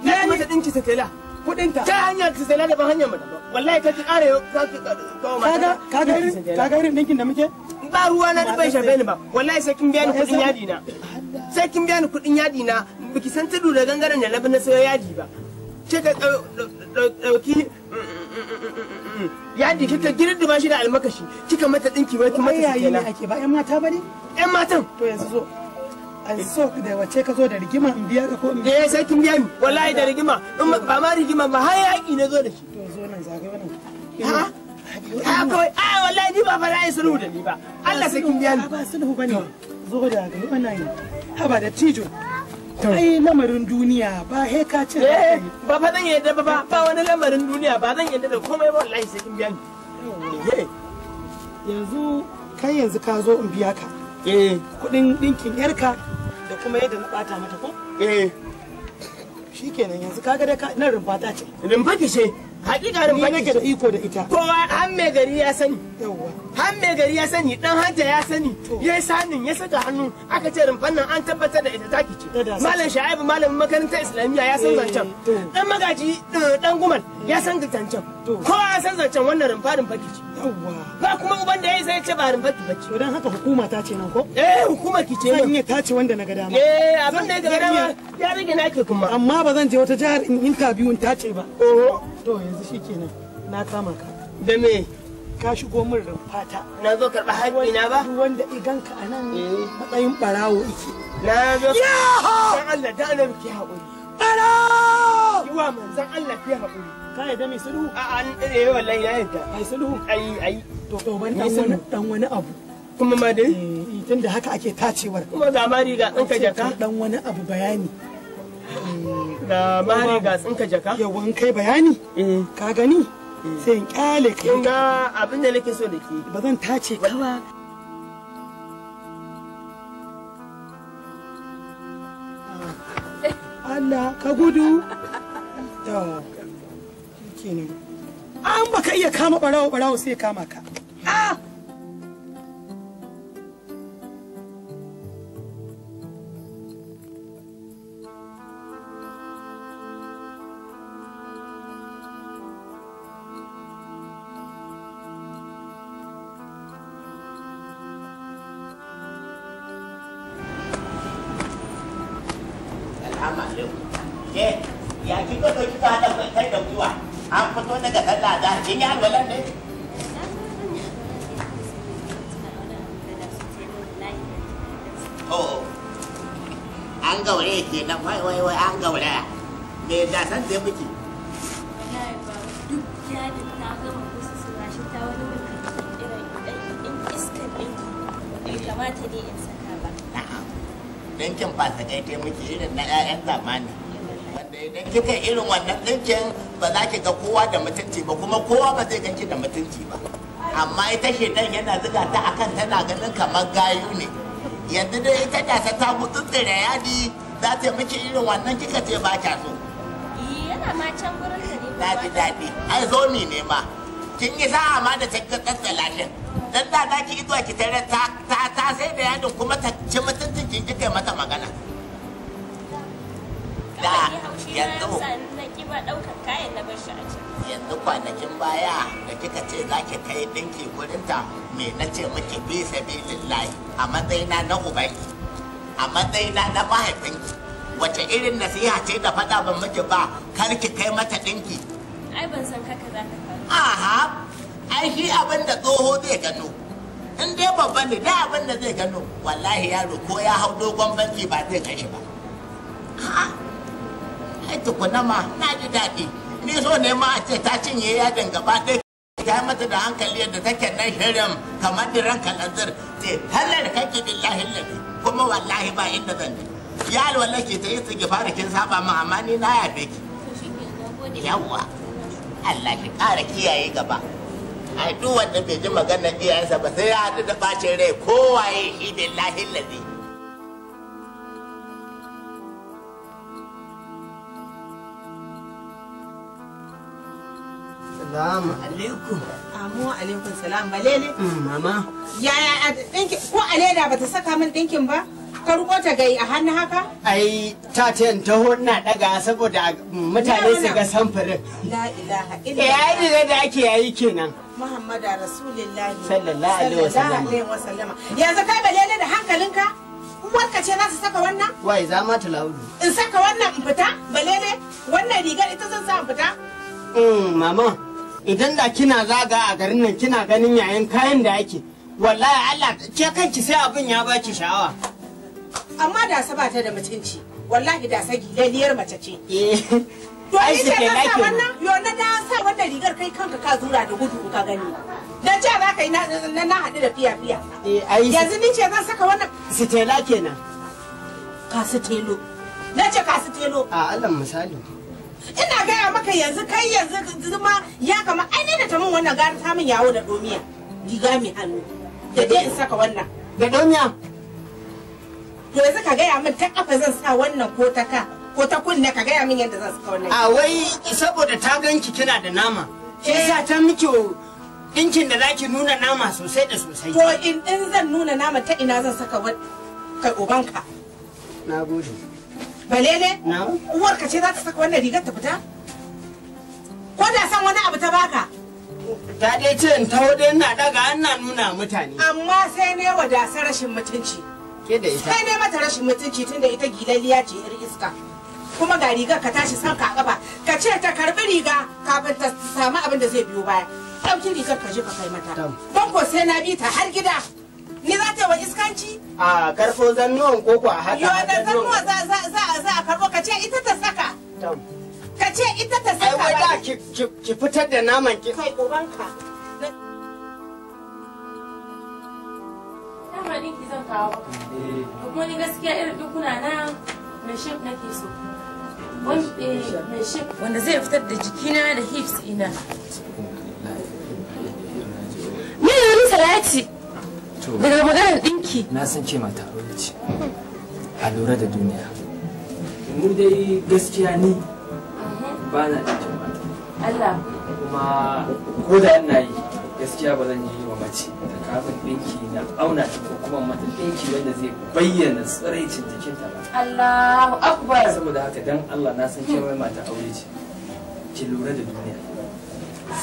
ne mata dinki sitela kudinta ta hanya ta da ban hanya mu wallahi ka ki kare ki kawo mata ka ga ka irin dinkin da muke ba ruwa na da bai shafe ni ba wallahi sai kin biya ni kudin yadi na sai kin biya ni kudin yadi na biki san tudu da gangaren da labi na sayo yadi ba kika dauki yadi kika girdima shi da almakashi kika mata dinki wai mata kenan ake ba yan mata yan matan to yanzu zo a so da wace ka zo da rigima in biya ka ko in biya eh, sai kin biya ni wallahi da rigima in ba ma rigima ba har yaki na zo da shi to zo nan zagaye nan ha ha kawai a wallahi ni ba fa ra'ayi sulhu da ni ba Allah sai kin biya ni ba sulhu bane zo da ga wannan haba da tijo ai lamarin duniya ba he ka ce eh, ba fa zan yadda ba ba wani lamarin duniya ba zan yadda da komai ba wallahi sai kin biya ni eh. yanzu kai yanzu ka zo in biya ka eh kudin dinkin yarka kuma yadda na bata mata ko eh shikenan yanzu kaga da nan rumfa ta ce rumfa ki ce hakika rumfa ke da iko da ita kowa har mai gari ya sani har mai gari ya sani dan hanta ya sani ya yi sanin ya saka hannu aka ce rumfan nan an tabbatar da ita taki ce malam sha'ibu malamin makarantar islamiyya ya san eh, zancen dan magaji eh, dan gumal ya san zancen. kowa ya san zancen wannan rumfa rumfa ki ce ba kuma uban da ya sai ce ba rumfa ki bace to dan haka hukuma ta ce nan ko eh hukuma ki ce zan iya tace wanda na ga dama eh abin da ga dama ya rage nake kuma amma ba zan je wata jihar in interview in tace ba oh to yanzu shikenan na kama ka da me ka shigo min rumfata na zo karɓa haƙƙina ba wanda idan ka nan eh. matsayin ɓarawo iki na zo ya Allah da annabi ki haƙuri barawo iwa manzan Allah ki haƙuri ka yadda mai sulhu a an eh wallahi ya yadda ai sulhu ai ai to to ban dan wani dan wani abu kuma ma dai eh, eh, tunda haka ake tacewar kuma zamari ga tsinka jaka dan wani abu bayani labari eh, ga tsinka jaka yawan kai bayani ka gani sai in kyale kai ina abin da nake so da ke ba zan tace ka ba ah. Allah ka gudu kenan ah, an baka iya kama barawo barawo sai kama ka a Salamu alaikum. Eh, ya kika ga kika da an fito daga ɗan da in yi alwalar ne oh, an gaure ke nan wai wai wai an gaure me da san zai fiki kamata dai in saka ba. Ɗinkin ba muke irin na 'ya'yan zamani. Wanda idan kika irin wannan ɗinkin ba za ki ga kowa da mutunci ba kuma kowa ba zai ganki da mutunci ba amma ita shedan yana zuga ta akan tana ganin kamar gayu ne yanzu dai ita gasa ta gutsutsura yadi za ta miki irin wannan kika ce ba kya so eh, yana ma can gurin da ne daɗi dadi ai ni ne ma kin yi sa'a ma da ta kakkatsala shin dan da za ki zuwa ki tare ta ta sai da yadin kuma ta ci mutuncin kin kika mata magana da yanzu ba ɗaukar kayan na bashi a ciki. Yanzu kwanakin baya da kika ce za ki kai ɗinki gurinta me na ce miki bi sabilin layi a matsayina na ubanki a matsayina na mahaifinki wace irin nasiha ce da faɗa ban miki ba kar ki kai mata ɗinki. Ai ban san kaka za ka faru. Aha, ai shi abin da tsoho zai gano. in dai babban ne da abin da zai gano wallahi yaro ko ya hau dogon banki ba zai kashi ba ai tukuna ma na ji daɗi ni so ne ma a ce ta cinye yadin gaba ɗaya ta mata da hankali yadda take nan shirin kamar da ranka lanzar ce halar kake billahi lalli kuma wallahi ba inda zan je ya alwala ke ta yi su fara kin saba ma amma ni na yafe ki yawwa Allah ki ƙara kiyaye gaba ai duk wanda bai ji maganar iyayensa ba sai ya haɗu da bacin rai kowaye shi billahi lalli Salamu alaikum. Amu alaikum salam balele. Mm, mama. Yaya dinki ko aleda bata saka min dinkin ba? Ka ruko ta gai a hannu haka? Ai ta ce in taho ina daga saboda mutane su ga samfurin. La ilaha illa. Eh ai da ake yayi kenan. Muhammadu Rasulullahi. Sallallahu alaihi wasallam. Sallallahu Yanzu kai balele da hankalinka? Uwarka ce za ta saka wannan? Wai za ma ta laudu. In saka wannan in fita? Balele? Wannan rigar ita zan sa in fita? Mm, mama. idan da kina zaga a garin nan kina ganin yayin kayan da yake wallahi Allah ke kanki sai abin ya baki sha'awa amma da sa bata da mutunci wallahi da sa gilaliyar mace ce eh, to ai sai kai like wannan yo na da sa wannan rigar kai kanka ka zura da gudu ka gani dan ce za ka yi na na hadu da fiya fiya eh, yanzu ni ce zan saka wannan sitela kenan ka sitelo na ce ka sitelo a Allah misali ina gaya maka yanzu kai yanzu zuma ya kama ai da ta min wannan gara ta min yawo da domiya riga mai hannu da dai in saka wannan da domiya to yanzu ka gaya min ta kafa zan sa wannan ko ta ka ko ta kunne ka gaya min yadda zan saka wannan a wai saboda ta ganki kina da nama ke sa eh. ta miki dinkin da zaki nuna nama sosai da sosai to in din zan nuna nama ta ina zan saka kai ubanka na gode balele uwar ka ce za ta saka wannan rigar ta fita ko da san wani abu ta baka ta dai ce in taho dai ina daga ina nuna mutane amma sai ne wadasa rashin mutunci ke da ita sai ne mata rashin mutunci tunda ita gilaliya ce yar iska kuma ga rigar ka tashi san ka gaba ka ce ta karbi riga kafin ta samu abin da zai biyo baya ɗauki rigar ka je ka kai mata don ko sai na bi ta har gida ni za ta yi wa iskanci a karfo zannuwan ko koko a haɗa yo da zannuwa za za za a karbo ka ce ita ta saka ka ce ita ta saka ai wai ki ki fitar da naman ki kai ubanka dama ni ki zan kawo maka eh. kuma ni gaskiya irin dukuna na mai shef nake so eh, wanda zai fitar da jikina da hips ina. Mai wani salati daga maganar ɗinki na san ce mata aure ce a lura da duniya mu dai gaskiya ni ba na ɗinkin mata Allah kuma ko da ina yi gaskiya ba zan yi wa mace da kafin ɗinki na auna ta ko kuma mata ɗinki wanda zai bayyana tsiraicin jikinta ba Allahu akbar saboda haka dan Allah na san ce mai mata aure ce ki lura da duniya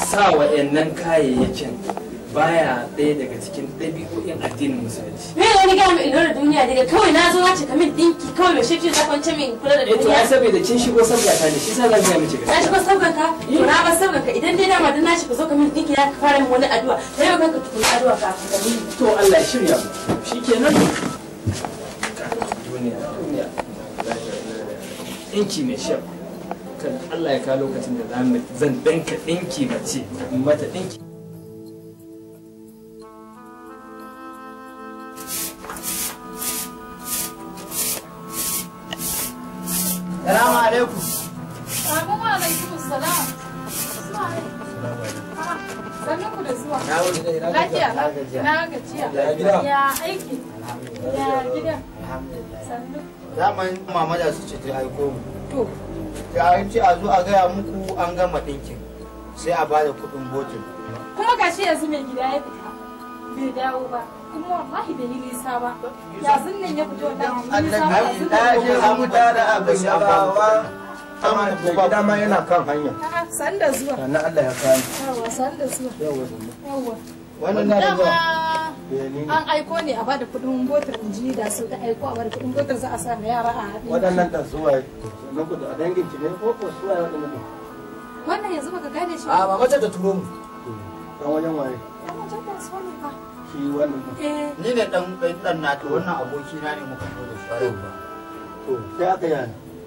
sa wa'annan kayayyakin baya ɗaya daga cikin ɗabi'o'in addinin musulunci. Me wani gaya mai lura da duniya daga kawai na zo wace kamin ɗinki kawai mai shafi za kwance min kula da eh duniya. Eto ai saboda kin shigo sabga ta ne shi sa zan gaya miki. Na shigo sabga ka? To na ba sabga ka idan dai dama dan na shigo zo kamin ɗinki ya ka fara min wani addu'a. Sai ka kanka tukuna addu'a kafin ka mini. To Allah shirya mu. Shikenan. Duniya duniya. Ɗinki mai shafi. Kan Allah ya kawo lokacin da zan danka ɗinki mace mata ɗinki. gajiya na gajiya ya aiki ya gida daman mama da su ce ta aiko mu to ta ce a zo a gaya muku an gama ɗinkin sai a bada kuɗin botin kuma gashi yanzu mai gida ya fita bai dawo ba kuma wallahi bai yi nisa ba yanzu nan ya fito nan yi nisa ba su da ya samu da abin shafawa amma dama yana kan hanya. Sanda zuwa. Na Allah ya kawo. Yawa sanda zuwa. Yawa. wannan na da an aiko ne a bada kudin motar inji da sun ta aiko a kudin motar za a sa na yara a haɗe waɗannan da na kudu dangin ki ne ko ko wannan yanzu baka gane shi a mama ta turo mu dan wajen waye wajen da ne fa shi wannan eh. ni ne dan dan na to wannan aboki na ne muka zo da shi to sai aka yana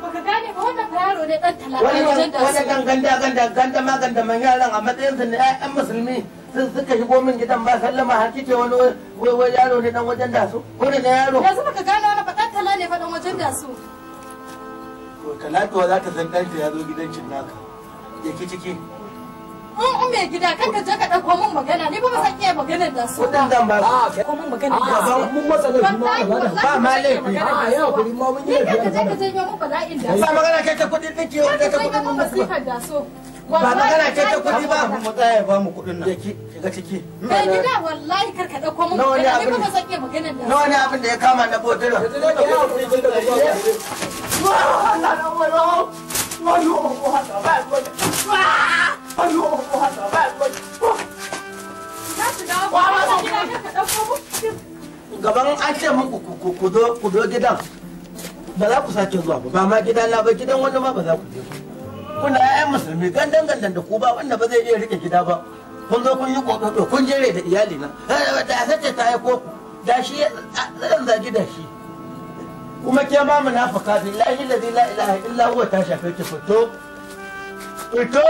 Baka gane ba wannan yaro ne dan talaka wajen da wani dan ganda ganda ganda ma ganda man yaran a matsayin su ne ƴaƴan musulmi sun suka shigo min gidan ba sallama har kike wani wai wai yaro ne dan wajen da su ko ne yaro yanzu baka gane wani ba dan tala ne fa dan wajen da su to talatuwa za ta san ɗanta ya zo gidan cin naka je ciki in mai gida kan ka je ka dauko mun magana ni ba ba san iya magana da su kudin zan ba su ko mun magana ba ba mun matsa laifi ma ba ba ma laifi a yau kuri ma mun yi ka je ka je mun bala'in da ba magana kai ta kudin nake ka je ka mun masifar da su ba magana ce ta kuɗi ba mu tsaya ba mu kuɗin nan ki ga ciki kai gida wallahi kar ka dauko mun magana ni ba zan iya magana da nawa ne abin da ya kama na bodira Allah na wala wala wala gaban an ce muku ku zo gidan ba za ku sake zuwa ba ba ma gidan na ba gidan wani ma ba za ku je kuna ƴaƴan musulmi gandan gandan da ku ba wanda ba zai iya rike gida ba kun zo kun yi kokoto kun jere da iyali na eh, da sace ta yi ku da shi zan zagi da shi kuma ke ma munafika billahi la ilaha illa huwa ta shafe ki fito fito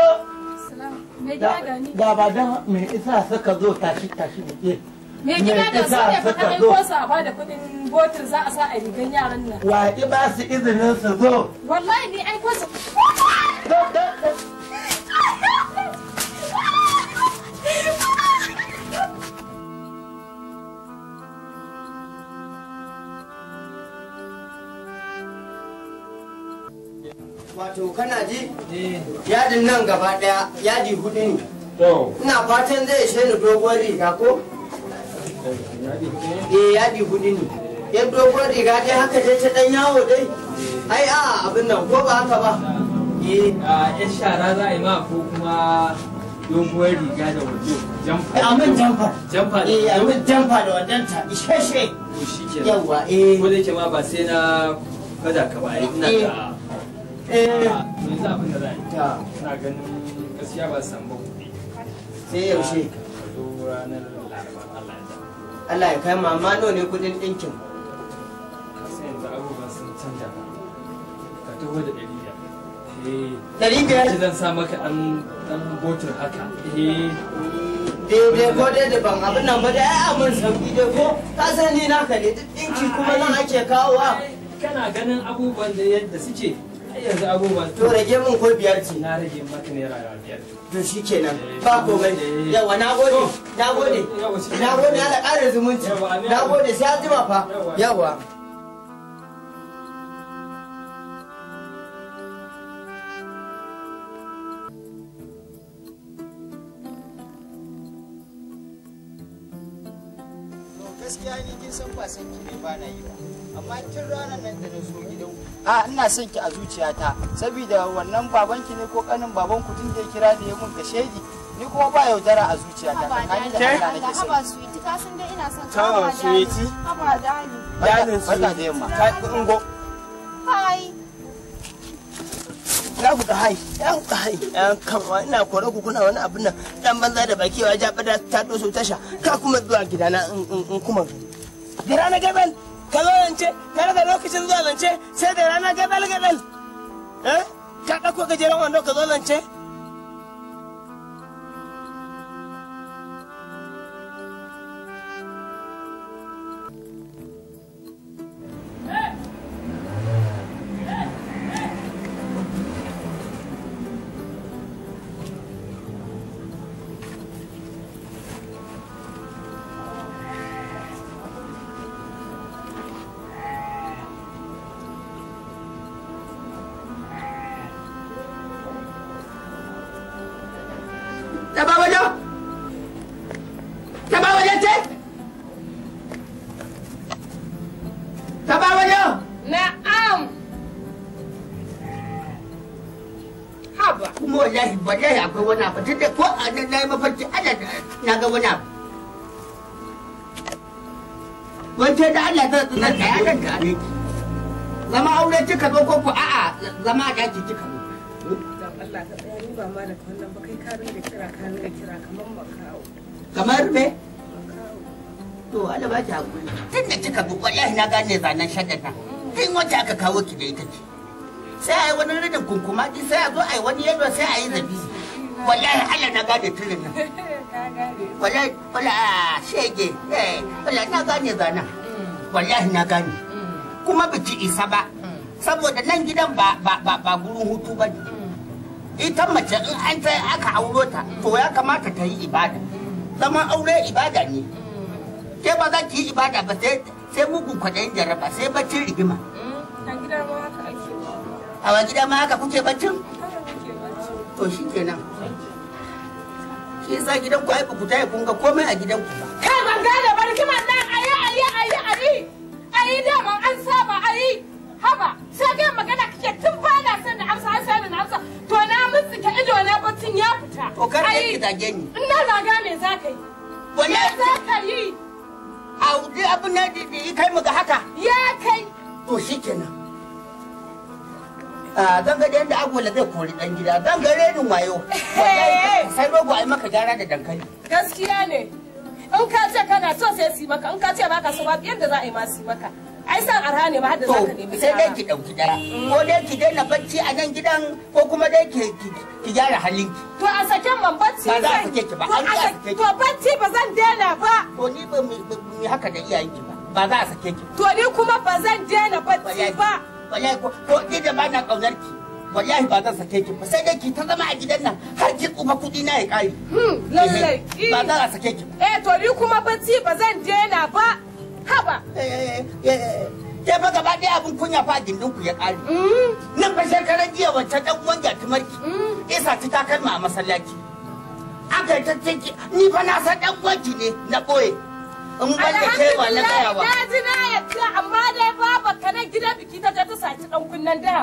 da ba dan me isa suka zo tashi tashi da ke me gida da su ne fa kai ko da kudin za a sa a rigan yaran nan wa ki ba su izinin su zo wallahi ni ai ko su wato kana ji eh. yadin nan gaba daya yadi hudu ne ina fatan zai ishe ni dogon riga ko eh, eh yadi hudu ne ya dogon riga dai haka dai ta dan yawo dai eh. ai a abin nan ko ba haka ba eh a yan shara za a yi ma ko kuma doguwar riga da wato jamfa amin jamfa jamfa eh amin jamfa da wadanta isheshe ko shikenan yawa eh ko dai ke ma ba sai na kada ka ba ina ka eh mun da zai ta ganin gaskiya ba san ba sai yaushe zo ranar laraba Allah ya da Allah ya kai ma nawa ne kuɗin ɗinkin sai yanzu abubuwan sun canja ka taho da biyar zan sa maka haka daidai ko ban abin nan ba da ai amin ko ka sani naka ne duk kuma nan ake kawowa kana ganin abubuwan da yadda suke yanzu abubuwan to rage mun ko biyar ce na rage maka naira biyar to ba komai eh. yawa na gode na gode na gode ƙara zumunci na gode sai jima fa yawa gaskiya ni kin san ba san ne ba na yi ba amma tun ranar nan da na zo gidan a ina son ki a zuciyata saboda wannan babanki ne ko kanin baban ku tun da ya kira da ya mun kashedi ni kuma ba yaudara a zuciyata tsakanin da Allah nake son haba suwiti ka san dai ina son ka haba suwiti haba dani dani da yamma hai ya kuka hai ya kuka hai ya kama ina kore ku kuna wani abin nan dan banza da baki wa ja bada ta doso tasha ka kuma zuwa gidana in kuma gira na gaban ka zo zance ka daga lokacin zuwa sai da rana gadal gadal eh? ka ɗauko gajeren wando ka zolance zance wallahi akwai wani abu duk da ko a nan na yi mafarki ana na ga wani abu wance da Allah ta tsina tsaya nan a ne zama aure kika zo ko ku a'a zama a daji kika zo Allah ka tsaya ni ba ma da wannan ba kai ka rinka kira ka rinka kira kamar kamar me to Allah ba hakuri tun da zo wallahi na gane zanen shaddata tun wacce aka kawo ki da ita ce sai a yi wani rinin kunkuma din sai a zo a yi wani yadda sai a yi zabi wallahi Allah na gane turin nan wallahi wala shege eh, wallahi na gane zanen mm. wallahi na gane mm. kuma biki isa ba mm. saboda nan gidan ba ba ba ba gurin hutu ba ne ita mace in an ta aka auro ta to ya kamata ta yi ibada Zama aure ibada ne ke ba za ki yi ibada ba sai sai mugun kwaɗayin jaraba sai baccin rigima a wa gida ma haka kuke baccin to shi kenan shi yasa gidan ku aibu ku tayi kun ga komai a gidan ku ka ban gane ba kiman dan ayi ayi ayi ayi ayi ban an saba ayi haba sai ga magana kake tun ba na san da amsa an san da amsa to na mutsi ka ido na batun ya fita to kar ka ki zage gani in na ga me za ka yi wallahi za ka yi a duk abin da kai mu ga haka ya kai to shikenan Ah, zan ga da yadda agwala zai kori dan gida zan ga renin wayo sai rogo ai maka gyara da dankali gaskiya ne in ka ce kana so sai su maka in ka ce baka so babu yadda za a yi ma su maka ai san arha ne ba hadda zaka nemi sai dai ki dauki daya ko dai ki daina bacci a nan gidan ko kuma dai ki ki gyara halin ki to a saken man bacci ba za ku ki ba an ki to bacci ba zan daina ba to ni ba mi haka da iyayen ki ba ba za a sake ki to ni kuma ba zan daina bacci ba wallahi ko ko da ba na kaunar ki wallahi ba zan sake ki ba sai dai ki ta zama a gidan nan har ki kuma kuɗi na ya kare. Hmm, lallai eh, ba za eh. sake ki eh to ni kuma bacci ba zan daina ba haba. Eh, ke fa gaba ɗaya abin kunya fa gindin ku ya ƙare. Hmm. nan fa shekaran jiya wancan ɗan uwan ki. isa hmm. ta takalma a masallaci. an kai ta ni fa na san ɗan uwanki ne na ɓoye. in ban da kai ba na tsaya ba na ji na yadda amma dai baba ka na gida biki ta ta saci dan kunnen da.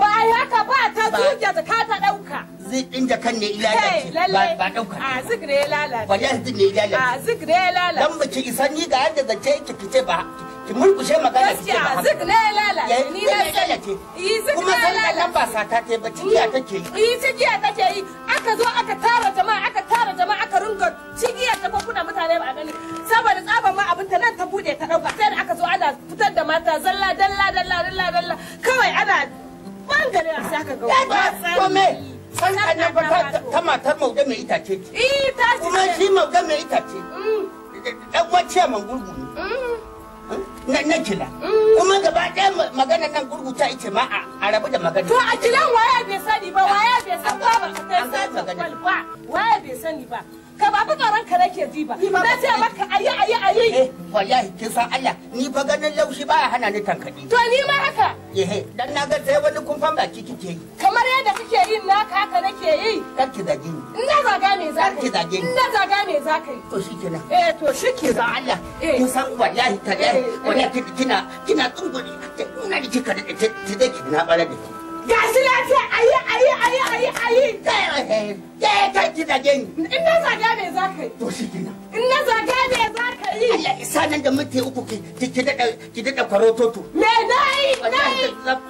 ba ai haka ba ta zuciya ta ka ta dauka zikin jakan ne ilalace ba dauka a zikre lalace wallahi zikin ne ilalace a zikre lalace dan baki isan ni ga yadda zance ki fice ba ki murkushe magana ki ce ba zikre lalace ni na lalace kuma sai lalace ba sata ta ba cikiya take yi cikiya take yi ana ni tankaɗi. To ni ma haka. Ehe, dan na ga sai wani kumfan baki kike yi. Kamar yadda kike yin naka haka nake yi. Kar ki zage ni. In na zaga me za ka Kar ki zage ni. In na zaga me za ka yi. To shikenan. Eh to shike Ba Allah. Kin san wallahi tallahi wallahi kina kina tsunguri. Ina ji kika da ta da na bala da Ga shi lafiya ayi ayi ayi ayi ayi. Kai kai ki zage ni. In na zaga me za ka yi. To shikenan. toto me dai dai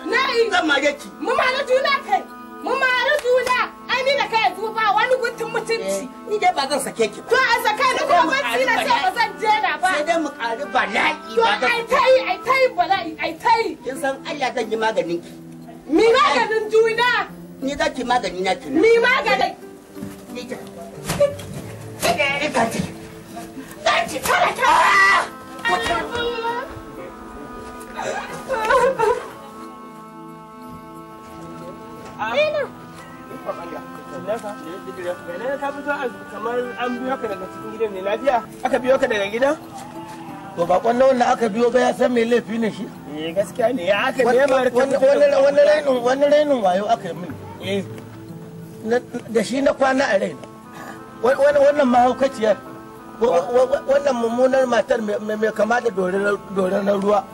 nai zan mage ki mu mare juna kai mu mare juna ai ni da kai yanzu ba wani guntun mutunci eh, ni dai ba zan sake ki to a saka ni ko ban ci na ce ba zan na ba sai dai mu ƙari bala'i to ai tai ai tai bala'i ai tai kin san Allah zan yi maganin ki mi maganin juna ni zan ki magani na ki ni maganin to ba na wanda aka biyo ba ya san mai laifi ne shi eh gaskiya ne ya aka ne ma wani rainin wani rainin wayo aka yi mini eh. da shi na kwana a raina wannan mahaukaciyar wannan mummunar matar mai kama da dore na ruwa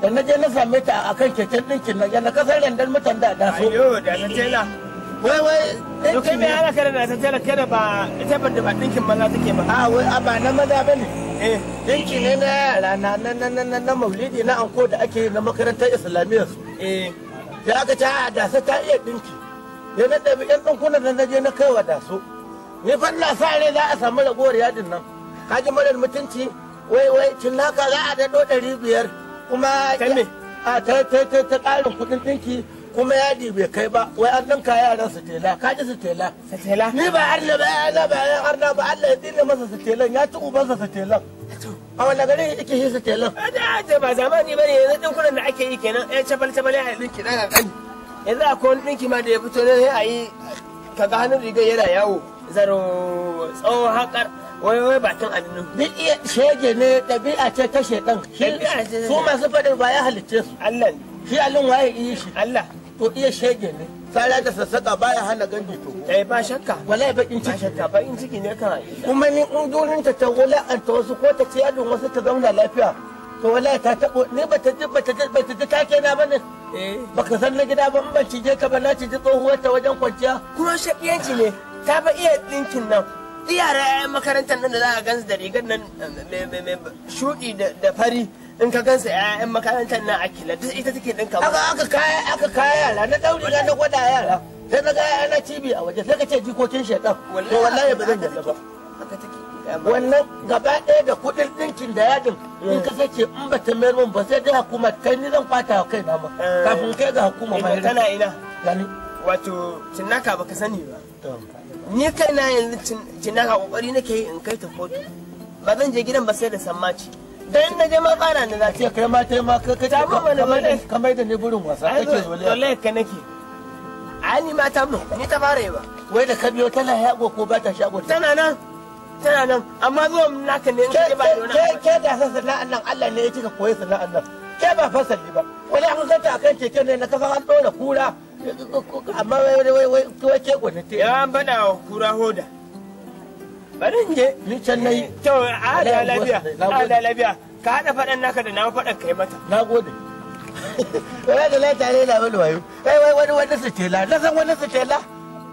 da na je na same ta a kan keken ɗinkin na kasar randar mutan da da so ayo da na wai wai to kai eh, me ana kare da ta talaka da ba ita ban da dinkin maza take ba a ah, wai a ah, ba na maza bane eh dinki ne na yara na na na na na maulidi na anko da ake na makarantar islamiyya su eh da aka ta ah, da sa ta iya dinki ne na ɗabi ɗan ɗankunan da na je na kaiwa da su ni fa na sa rai za a samu ragowar yadin nan kaji marar mutunci wai wai cin naka za a daɗo ɗari biyar kuma a ta ta ta ƙarin kuɗin dinki kuma yadi bai kai ba wai an ka yaran su tela ka ji su tela ni ba Allah ba yana ba yan arna ba Allah ya dinne masa su tela ya ci sa su tela a wanda gari yake shi su A da ba zamani bane yanzu dinkunan da ake yi kenan yan cabal cabal ya dinki dan kan yanzu akwai dinki ma da ya fito ne a yi kaga hannun rigar yana yawo zaro tsawon hakar wai wai bakin adinin duk iya shege ne a ce ta shedan su masu faɗin ba ya halicce su Allah shi Allah waye yi shi Allah to iya shege ne tsara da sassaka baya hana gandu to eh ba shakka wallahi bakin ciki shakka bakin ciki ne ka. kuma ni in durin ta ta ta wasu ko ta ce da wasu ta zauna lafiya to wallahi ta tabo ne ta ji ta ji ta ji ke na bane eh. baka san na gida ba in ban cije ka ba na cije tsohuwar ta wajen kwanciya kuma shakiyanci ne ta ba iya dinkin nan Iyara makarantar nan da za a gansu da rigar nan eh, mai shuɗi da fari in ka gansa ƴaƴan makarantar na akila duk ita take ɗinka aka aka kaya aka kaya yara na ɗauri na na gwada yara sai na ga na cibi a waje sai ka ce jikokin shaitan to wallahi ba zan yarda ba wannan gaba ɗaya da kuɗin ɗinkin da yadin in ka eh. sace in ba ta mayar ba sai dai hukuma kai ni zan kwata kai na ma eh. kafin kai ga hukuma mai tana ina gani wato cinnaka baka sani ba ni kai na yanzu cinnaka kokari nake yi in kai ta kotu ba zan je gidan ba sai da sammaci da na je ma tsara ni na ce kai ma kai ma kai ta mu mana bane kamar da ne burin wasa kake zole wallahi ka nake ani ma ta mu ni ta fara ba wai da ka biyo tana yago ko ba ta shago tana nan tana nan amma zuwa naka ne in ka ba da ke da san sana'an nan Allah ne ya cika koyi sana'an nan ke ba fasali ba wani an ganta akan keke ne na kasan an dora kura amma wai wai wai wai ke gwanin te an bada kura hoda barin je ni can nayi to a da lafiya a da lafiya ka hada fadan naka da na fadan kai mata nagode wai da lai tare da wani wayo kai wai wani wani su tela na san wani su tela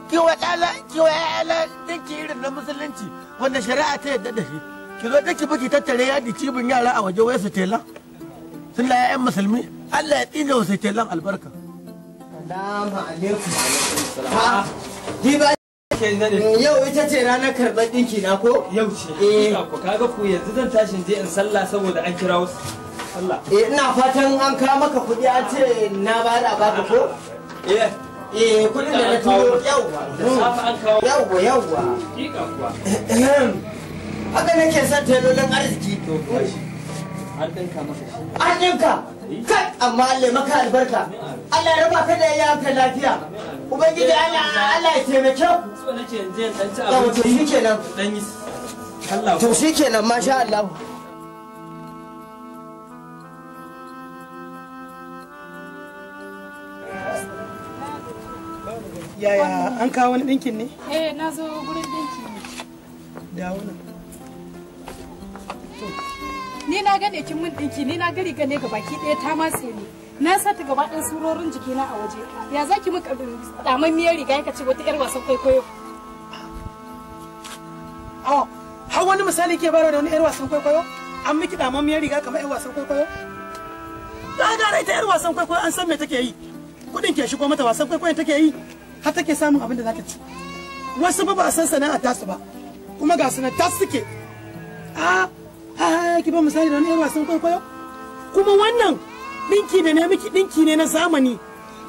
kiwa ala kiwa ala dinki irin na musulunci wanda shari'a ta yadda da shi ki zo take biki tattare yadi cibin yara a waje wai su tela sun la ya'yan musulmi Allah ya tsine wa su telan albarka Salamu alaikum. Eh, yau ita ce ranar karɓar ɗinki na ko yau ce eh. ku kaga ku yanzu zan je in sallah saboda an kira wasu sallah eh, ina fatan an kawo maka kuɗi an ce na ba da baka ko eh eh kuɗin da na yau? yawwa yawwa yawwa haka nake son telolin arziki to an ɗinka maka shi an ɗinka kai amma Allah maka albarka Allah ya raba ka da yayanka lafiya ubangiji Allah Allah ya taimake ku so nake yanzu yanzu dan ci abinci to shi dan yi masha Allah yaya an kawo wani ɗinkin ne? eh na zo gurin ɗinki ne dawo na ni na gane kin mun ɗinki ni na gari gane ga baki ɗaya ta matse ne. na sata gaba ɗin surorin jikina a waje ya za ki muka daman miyar riga ka ci wata 'yar wasan kwaikwayo a har wani misali ke bayarwa da wani 'yar wasan kwaikwayo an miki daman miyar riga kamar 'yar wasan kwaikwayo ta gara ita 'yar wasan kwaikwayo an san me take yi kudin ke shigo mata wasan kwaikwayon take yi har take samun abin da za ta ci wasu ba ba san sana'a su ba kuma ga sunan tasu suke a ha ki ba misali da wani 'yar wasan kwaikwayo kuma wannan dinki ne ne miki dinki ne na zamani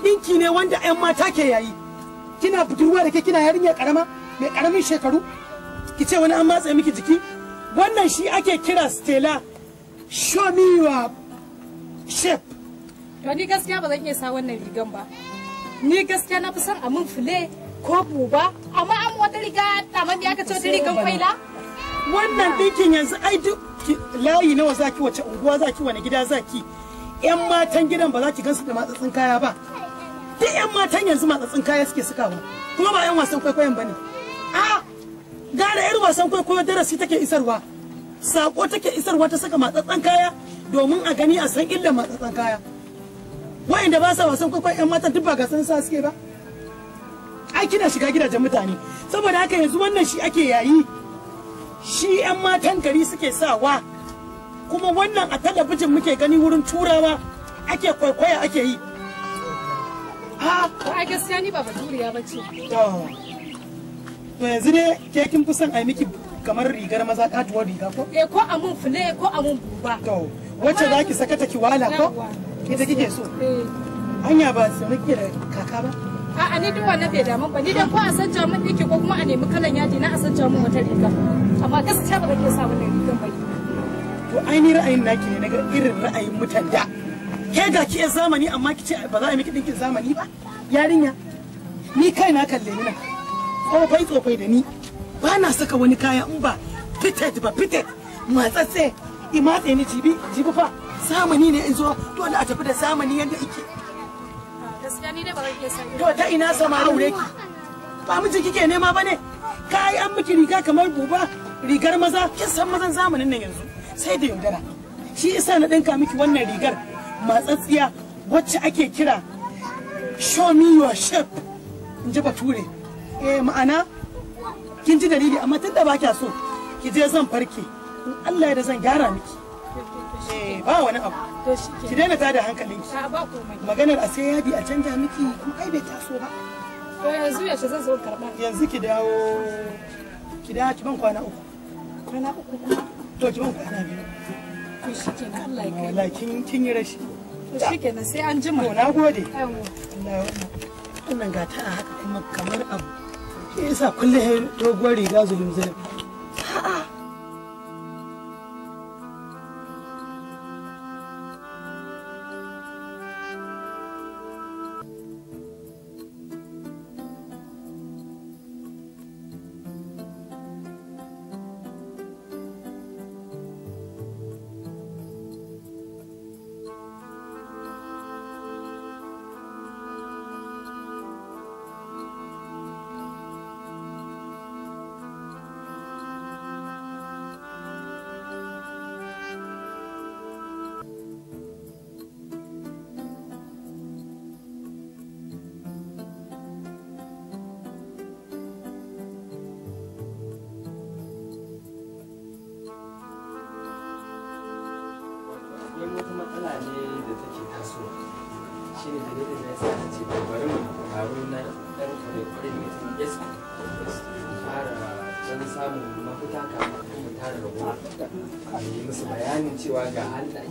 dinki ne wanda 'yan mata ke yayi kina budurwa da ke kina yarinya karama mai karamin shekaru ki ce wani an matsa miki jiki wannan shi ake kira stela show me your shape to ni gaskiya ba zan iya sa wannan rigan ba ni gaskiya na fi son a mun fule ko buba amma an wata riga ta da aka ce wata rigan kwaila wannan dinkin yanzu ai duk layi nawa zaki wace unguwa zaki wani gida zaki 'yan matan gidan ba za ki gansu da matsatsin kaya ba duk 'yan matan yanzu matsatsin kaya suke sukawa kuma ba 'yan wasan kwaikwayon ba ne a gara 'yan wasan kwaikwayon darasi take isarwa sako take isarwa ta saka matsatsin kaya domin a gani a san illan matsatsin kaya wayanda ba sa wasan kwaikwayon 'yan matan duk ba ga san sa suke ba ai kina shiga gidajen mutane saboda haka yanzu wannan shi ake yayi shi 'yan matan gari suke sawa kuma wannan a talabijin muke gani wurin turawa ake kwaikwaya ake yi a gaskiya ni ba baturiya ba ce to yanzu ne ke kin fi son a miki kamar rigar maza katuwar riga ko eh ko a mun fule ko a mun buba to wacce za ki saka ta ki wala ko ita kike so hanya eh. ba su muke da kaka ba a'a ni duk wannan bai damu ba ni dan ko a sanja mun diki ko kuma a nemi kalan yaji na a sanja mun wata riga amma gaskiya ba ke samu ne rigar ba to ainihin ra'ayin naki ne naga irin ra'ayin mutan da ke ga ki zamani amma ki ce ba za a miki dinkin zamani ba yarinya ni kai na kalle ni na tsofai tsofai da ni ba na saka wani kaya in ba fitet ba fitet matsatse imatse ni jibi jibi fa zamani ne in zo dole a tafi da zamani yadda ike to ta ina sama aure ki ba miji kike nema bane kai an miki riga kamar buba rigar maza kin san mazan zamanin nan yanzu sai da yaudara shi isa na ɗinka miki wannan rigar matsatsiya wacce ake kira show me your shape in ji bature eh ma'ana kin ji dalili amma tun da ba kya so ki je zan farke in Allah ya da zan gyara miki eh, ba wani abu ki daina ta da hankalinki maganar a sai yadi a canja miki kuma ai bai taso ba to yanzu yaushe zan zo karba yanzu ki dawo ki dawo ki ban kwana uku kwana uku kuma to ki ban kin yi rashi to sai an jima wannan haka kuma kamar abu shi yasa kullum doguwar riga zulum zulum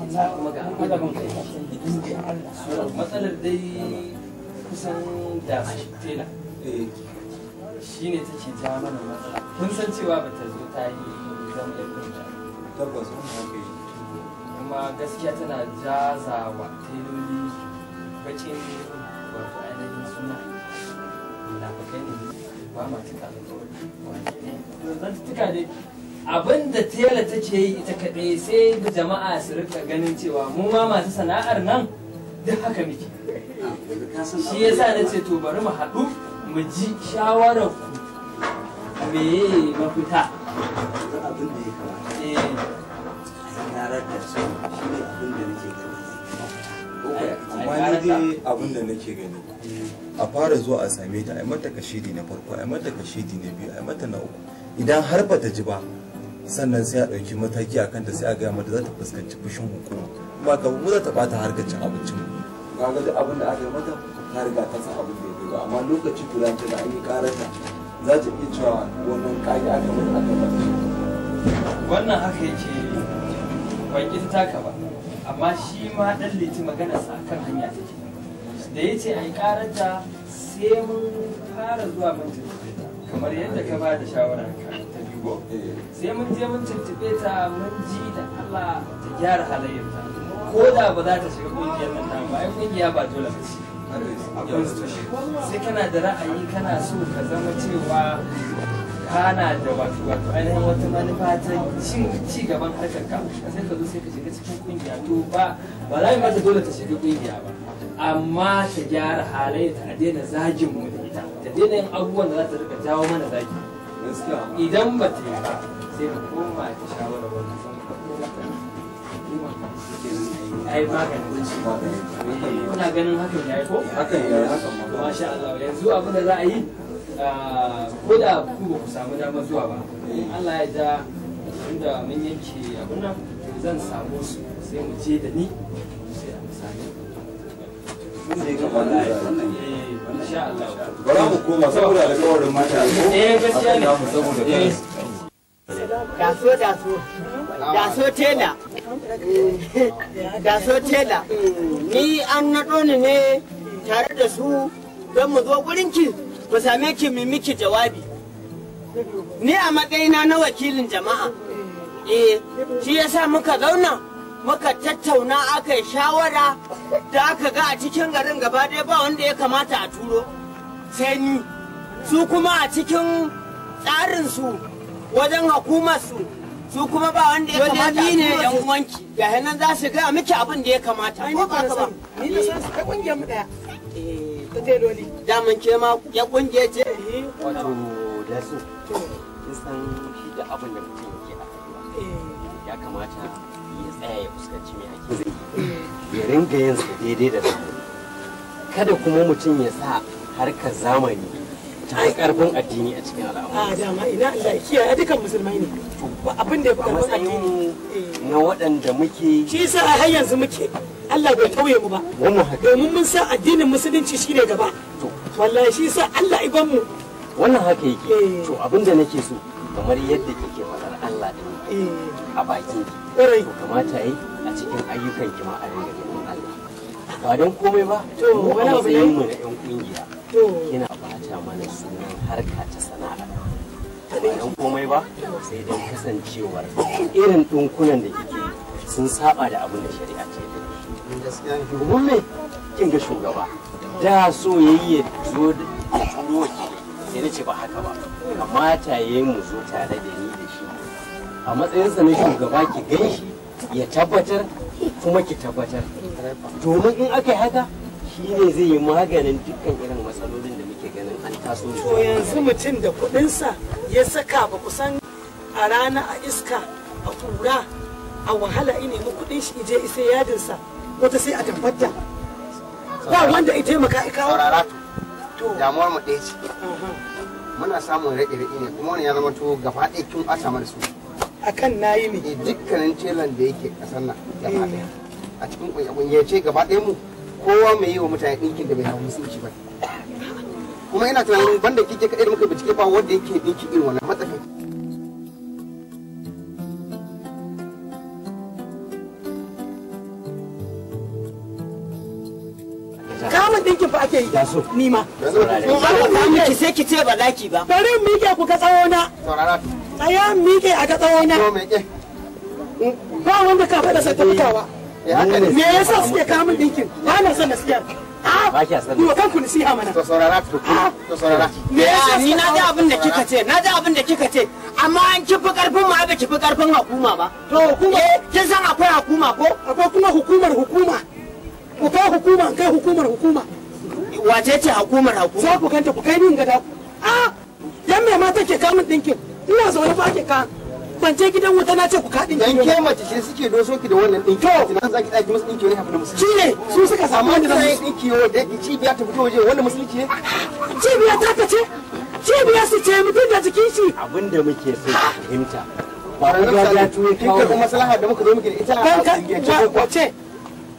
kuma matsalar dai kusan da tela eh, shi ne ce ja mana matsala kun san cewa ba ta zo ta yi zama tabbas kuma gaskiya tana jazawa teloli bakin wato ainihin suna ba ma tuka da kawai wani tuka dai abinda da tela take yi ita kaɗai sai da jama'a su rika ganin cewa mu ma masu sana'ar nan duk haka muke shi yasa na ce to bari mu haɗu mu ji shawarar ku me mafita abin da ya kamata a yarar da su shi abin da nake gani amma abin da nake gani a fara zuwa a same ta a mata kashidi na farko a mata kashidi na biyu a mata na uku idan har ta ji ba sannan sai a ɗauki mataki a kanta sai a gaya mata za ta fuskanci fushin hukuma kuma ka mu za ta ɓata harkar cin abincin mu ga duk abin da aka yi mata ta riga ta san abin da ya ba amma lokaci guda ce da an yi karata za ta iya cewa wannan ƙage aka mata aka mata wannan haka yake bakin taka ba amma shi ma ɗan liti maganarsa a kan hanya take da ya ce a yi karata sai mun fara zuwa mantin kamar yadda ka ba da shawara ka sai mun je mun tuntube ta mun ji da Allah ta gyara halayyarta ko da ba za ta shiga kungiyar nan ba ai kungiya ba dole ba sai kana da ra'ayi kana so ka zama cewa kana da wato wato ainihin wata manufa ta cin ci gaban harkar ka sai ka zo sai ka shiga cikin kungiya to ba ba za mu ta dole ta shiga kungiya ba amma ta gyara halayyarta a daina zagin mu da ita ta daina yin abubuwan da za ta rika jawo mana zagi idan ba ta yi ba sai ka koma ta shawara wani ai maganin ci kuna ganin hakan ya yi ko hakan ya yi hakan ma masha Allah yanzu abin da za a yi ah, ko da ku ba ku samu damar zuwa ba Allah ya ja inda mun yanke abin nan zan samu su sai mu je da ni sai a sami. Sai ka faɗa bara koma saboda da eh, saboda eh. so tela tela ni an naɗo ni ne tare da su don mu zo gurinki ku same ki mu miki jawabi ni a matsayina na wakilin jama'a eh shi yasa muka zauna muka tattauna aka yi shawara da aka ga a cikin garin gaba ɗaya ba wanda ya kamata a turo sai ni su kuma a cikin tsarinsu wajen hukumarsu su kuma ba wanda ya kamata a ne yan uwanki ga nan za su ga miki abin da ya kamata ko ba ka ba ni da san su ta kungiya mu daya eh ta da mun ke ma ya kungiye ce eh. wato da su kin san shi da abin da mutum yake a eh. ya kamata tsaya ya fuskanci mai haƙi zai ya ringa yin sa daidai da zamani kada kuma mutum ya sa harkar zamani ta yi karfin addini a cikin al'amura. A dama ina Allah kiyaye dukkan musulmai ne. Ba abin da ya fi karfin addini. Eh. Na waɗanda muke. Shi yasa a har yanzu muke. Allah bai tauye mu ba. Wannan haka. Domin mun san addinin musulunci shine gaba. To. Wallahi shi yasa Allah iban mu. Wannan haka yake. Eh. To abin da nake so kamar yadda kike faɗa. Allah ni eh. a bakin irai eh. kamata yi a cikin ayyukan ki ma a ringa ganin Allah ba don komai ba to wani abu ne mu da yan kungiya kina bata mana sunan harka ta sana'a ba don komai ba sai don kasancewar irin dunkunan da kike sun saba da abin da shari'a ce domin me kin ga shugaba da so ya zo da turo sai na ce ba haka ba kamata yayin mu zo tare da ni a matsayinsa na shugaba ki gan shi ya tabbatar kuma ki tabbatar domin in aka yi haka shi ne zai yi maganin dukkan irin matsalolin da muke ganin an taso to yanzu mutum da kudinsa ya saka ba kusan a rana a iska a kura a wahala ine mu kudin shi je isa yadinsa wata sai a tabbata ba wanda ya taimaka ya kawo to damuwar mu ɗaya ce muna samun raɗe-raɗe ne kuma wani ya zama to gaba ɗaya tun ɓata mana su akan na yi ne eh, dukkanin celan da yake kasar nan gaba a cikin kungiya ce gaba ɗaya mu kowa mai yi wa mutane dinkin da bai hawo musulunci ba kuma ina tunanin banda kike kadai da muka bincike ba wanda yake dinki irin wannan matsafi kamar dinkin fa ake yi ni ma ko ba ku ki sai ki ce ba daki ba bari mu yi ku ka tsawo na tsaya miƙe a ga tsawona ba wanda ka faɗa sa ta fitawa eh, me yasa suke kamun ɗinkin ba na son na siyar ba kya sani to kanku mana to saurara to saurara me yasa eh, ni na ji abin da kika ce na ji abin da kika ce amma an ki fi karfin ma ba ki fi karfin hukuma ba to hukuma eh, kin san akwai hukuma ko akwai kuma hukumar hukuma ku kai hukuma kai hukumar hukuma wace ce hukumar hukuma za ku kanta ku kai ni ga da ku a yan me ma take kamun ɗinkin. ina zaune ba ke ka ban je gidan wuta na ce ku kaɗin ki yanke mace shi suke doso ki da wannan ɗin to na za ki ɗaki musu ɗinki wani hafi da musulunci shine su suka samu wanda zai ɗinki wa da cibiya ta fito waje wannan musulunci ne cibiya ta ka ce cibiya su ce mutum da jikin shi Abinda muke so fahimta ba ku ga ya tuwe kawo kuma maslaha da muka zo muke da ita ban ka ba ce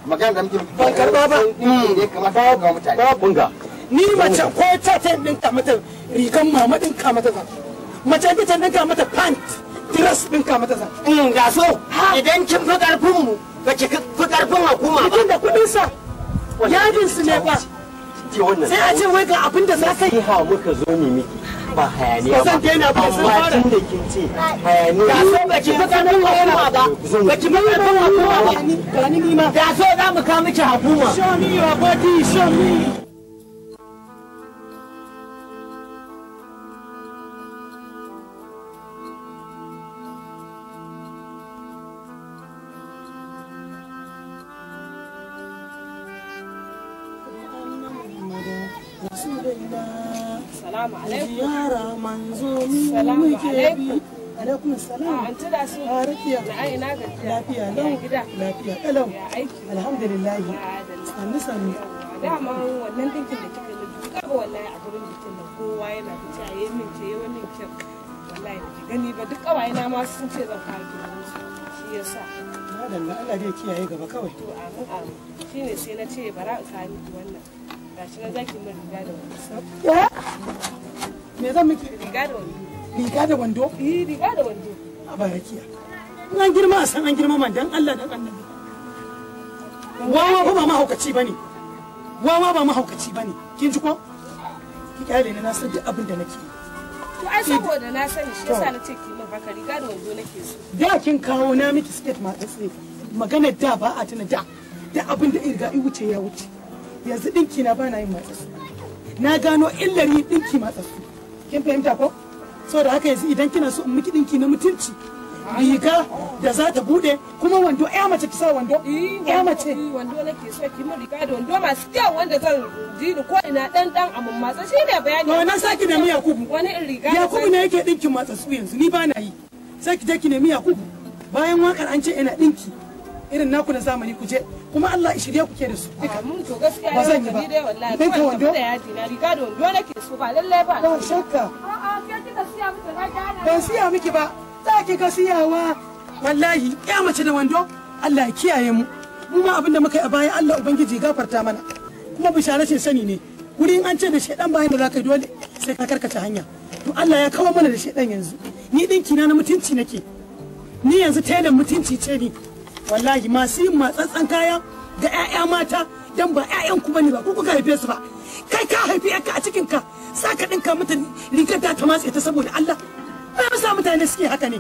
magana da muke ban karba ba ne mm, kamata ga mutane ba bunga ni mace ko ta ta ɗinka mutum rigan mama ɗinka mutum mace ta can dinka mata pant dress dinka mata za in mm, ga so idan kin fi karfin mu ba ki fi karfin hukuma ba da kudin sa yadin su ne ba sai a ce wai ga abin da za ka yi ha muka zo ne miki ba hayaniya ba amma tun da kin ce hayaniya ga so ba ki fi karfin hukuma ba ba ki fi karfin hukuma ba ga ni ma ga so za mu kawo miki hukuma show me your body show me Salamu alaikum. Ziyara manzo ni muke bi. alaikum salam an tura su a rafiya na ina gajiya lafiya lau lafiya kalau alhamdulillah sannu sannu dama wannan dinkin da kika yi duka ba wallahi a gurin bikin da kowa yana fita yayin min ce yayin min ce wallahi ki gani ba duk kawaye na ma sun ce zan kawo gidan su shi yasa madalla Allah zai kiyaye gaba kawai to amin sai na ce bara in kawo miki wannan gashi na zaki min riga da wando me zan miki riga da wando riga da wando eh riga da wando a barakiya in an girma a san an girma man dan Allah dan annabi wawa ba ma mahaukaci bane wawa ba mahaukaci bane kin ji ko ki kyale ni na san duk abin da nake to ai saboda na sani shi yasa na ce ki min haka riga da wando nake so da kin kawo na miki sket ma tsaye eh, eh, magana da ba a tana da da abin da in irga i wuce ya wuce yanzu dinki na bana yin matsatsu na gano illar yin dinki matsatsu kin fahimta ko da haka yanzu idan kina so in miki dinki na mutunci riga da za ta bude kuma wando ya mace ki sa wando ya mace wando nake so ki mu riga da wando masu kyau wanda zan ji ni ko ina dan dan amun matsa shi ne bayani to na saki da miya kubu wani riga Ya yakubu ne yake dinkin matsa su yanzu ni ba na yi sai ki je ki ne miya yakubu bayan wakar an ce ina dinki irin naku na zamani ku je kuma Allah ya shirye ku ke da su duka to gaskiya ba zan yi ba dai ka wando da yaji na riga da wando nake so ba lalle ba ba shakka a'a ke kika siya miki ba ban siya miki ba za ki ga siyawa wallahi ya mace da wando Allah ya kiyaye mu mu ma abin da muka yi a baya Allah ubangiji gafarta mana kuma bishara ce sani ne wurin an ce da shedan bayan da za ka yi dole sai ka karkace hanya to Allah ya kawo mana da shedan yanzu ni dinki na mutunci nake ni yanzu tailan mutunci ce ni wallahi masu yin matsatsan kaya ga 'ya'ya mata dan ba 'ya'yan ku bane ba ku kuka haife su ba kai ka haifi yaka a cikin ka sa ka dinka mata rigar ta matse ta saboda Allah ba mu sa mutane suke haka ne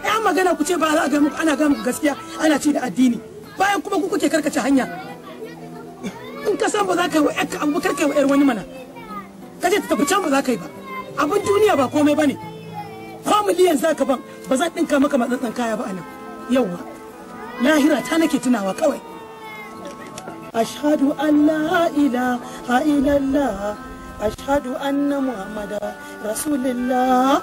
ya magana ku ce ba za ga muku ana ga muku gaskiya ana ci da addini bayan kuma ku kuke karkace hanya in ka san ba za ka yi wa ƴarka abu ba karka yi wa ƴar wani mana ka ce ta tafi can ba za ka yi ba abin duniya ba komai ba ne miliyan za ka ban ba za ɗinka maka matsatsan kaya ba a nan yauwa lahira ta nake tunawa kawai ashhadu an la ilaha ashadu anna muhammada rasulillah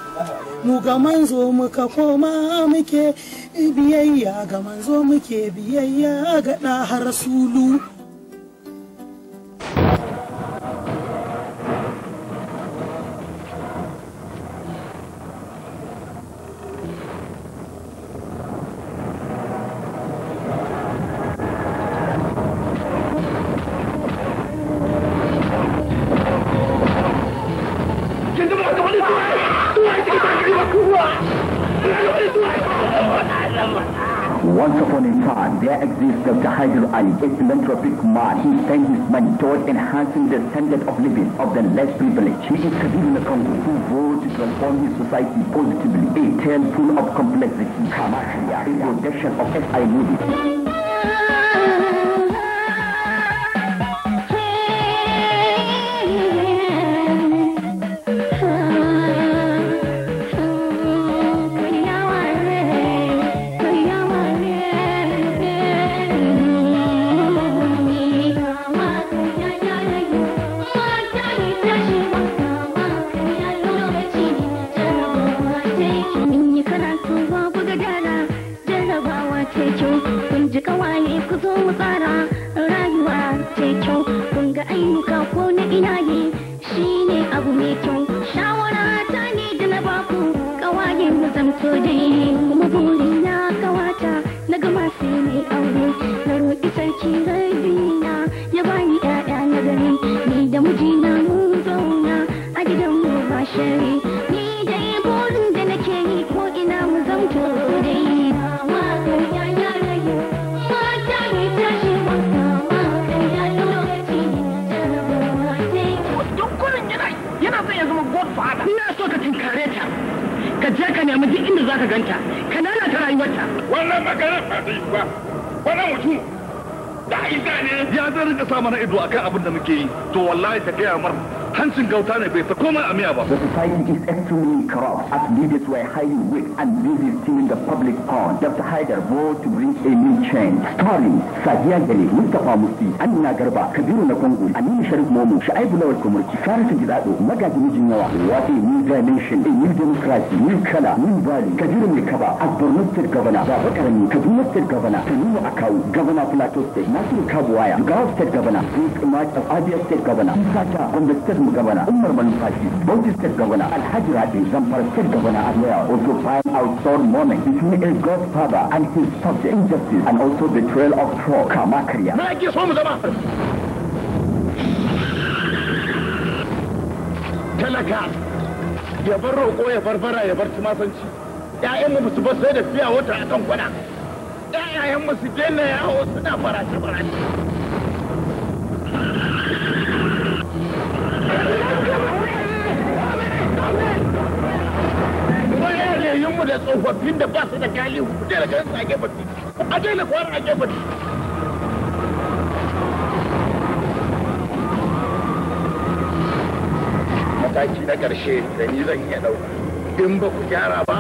mu ga manzo muka koma muke biyayya ga manzo muke biyayya ga ɗaha rasulu toward enhancing the standard of living of the less privileged. He is revealing a kung to transform his society positively, a tale full of complexity, a production of SI movies. nemi duk inda za ka ganta ka lalata rayuwarta wannan magana ba zai yi ba wannan mutum da isa ne ya zai rika sa mana ido akan abin da muke yi to wallahi ta gaya mar Hansen gauta ne bai fito komai a miya ba. The society is extremely corrupt as leaders were highly weak and busy stealing the public power. Dr. Haidar vowed to bring a new change. Stalin, Sadiya Gale, Mustafa Musi, Anna Garba, Kabiru na Kongo, Aminu Sharif Momo, Shaibu Lawal Kumurki, Saratu Gidado, Magaji Mijinawa, Wati, new dimension, a new democracy, new color, new value. Kabiru Mikaba as Borno State Governor, Baba Karami, Kaduna State Governor, Tanimu Akau, Governor Plateau State, Nasiru Kabuwaya, Gawa State Governor, Duke Imad of Abia State Governor, Isaka from the State Kano Gabana, Umar Manufashi, Bauchi State Governor Alhaji Rabi, Zamfara State Governor Adwell, also find out some moment between a godfather and his subject, injustice and also betrayal of trust, Kamakria. Na ki so mu zama. Talaka ya bar roƙo ya farfara ya bar tumasanci. ‘Ya'yanmu ba su bar sai da fiya wata a kan kwana. ‘Ya'yanmu su daina yawo suna farace-farace. da tsofaffin da ba su da galihu ku daina ganin su a gefen a daina kwara a gefen mataki na ƙarshe da ni zan iya ɗauka in ba ku gyara ba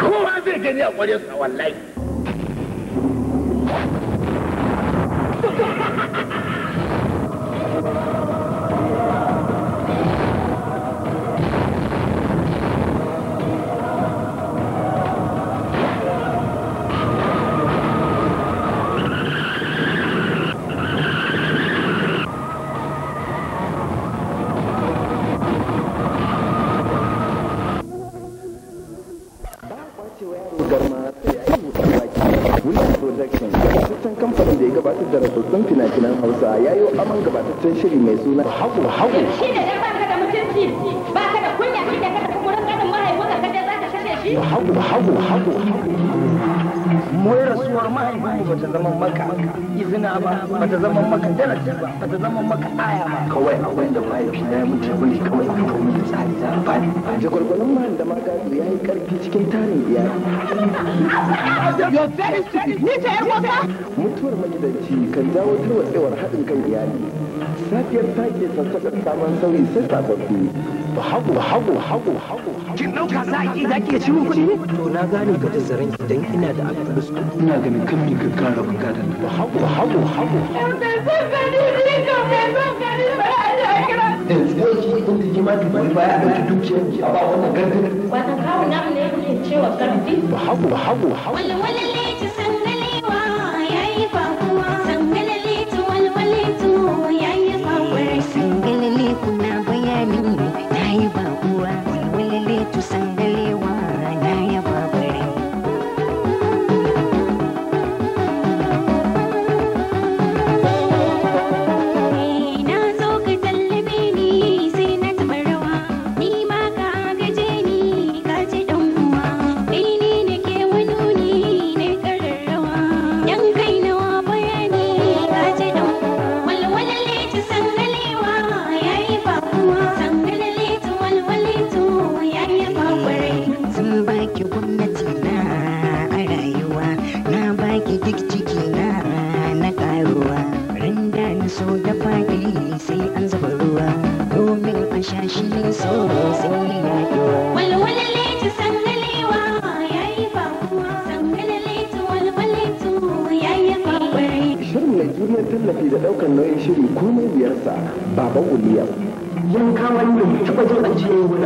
kowa zai gani a ƙwarya sa wallahi maka izina ba ba ta zama maka ba ba ta zama maka aya ba kawai abin da mahaifi na ya mutu bari kawai a fito da tsari za a bani da da ya yi karfi cikin tarin iyali ni ta mutuwar magidanci kan jawo tarwatsewar haɗin kan iyali safiyar ta ke sassaƙar saman sauyi sai sababbi hagu hagu hagu hagu kin dauka za a ki za ki ciwon kuɗi ne to na gane ka da zaren ina da alfabus ina ganin kan ni ka kara baka da ba hagu hagu hagu eh, Wannan kawo namu ne ya cewa karfi? Ba hagu, ba hagu, hagu. Wale, wale,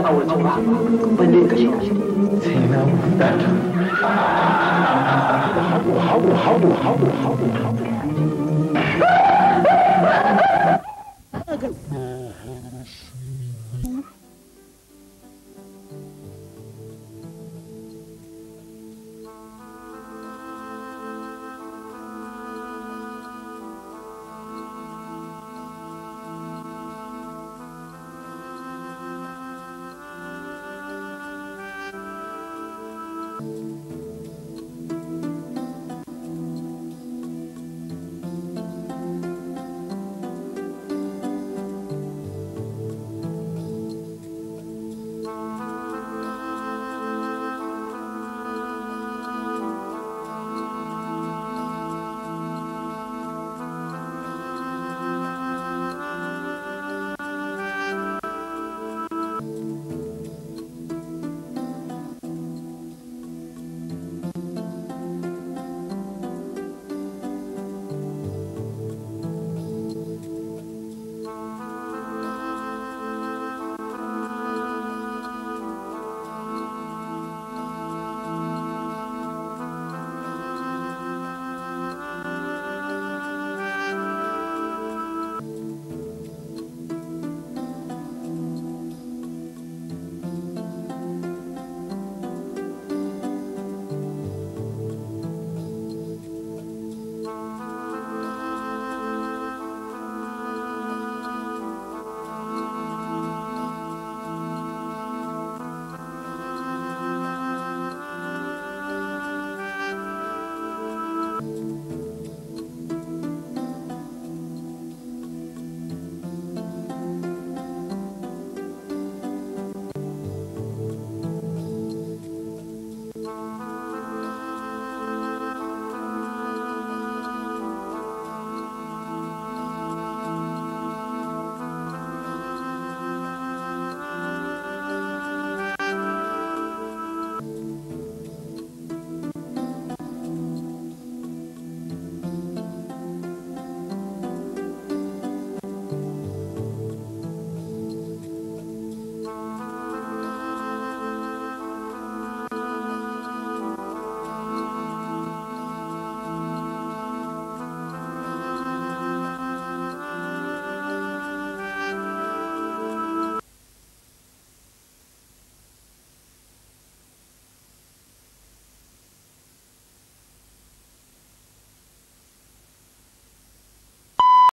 wani a waje ba balle kashe shi sai na mutata hagu hagu hagu hagu hagu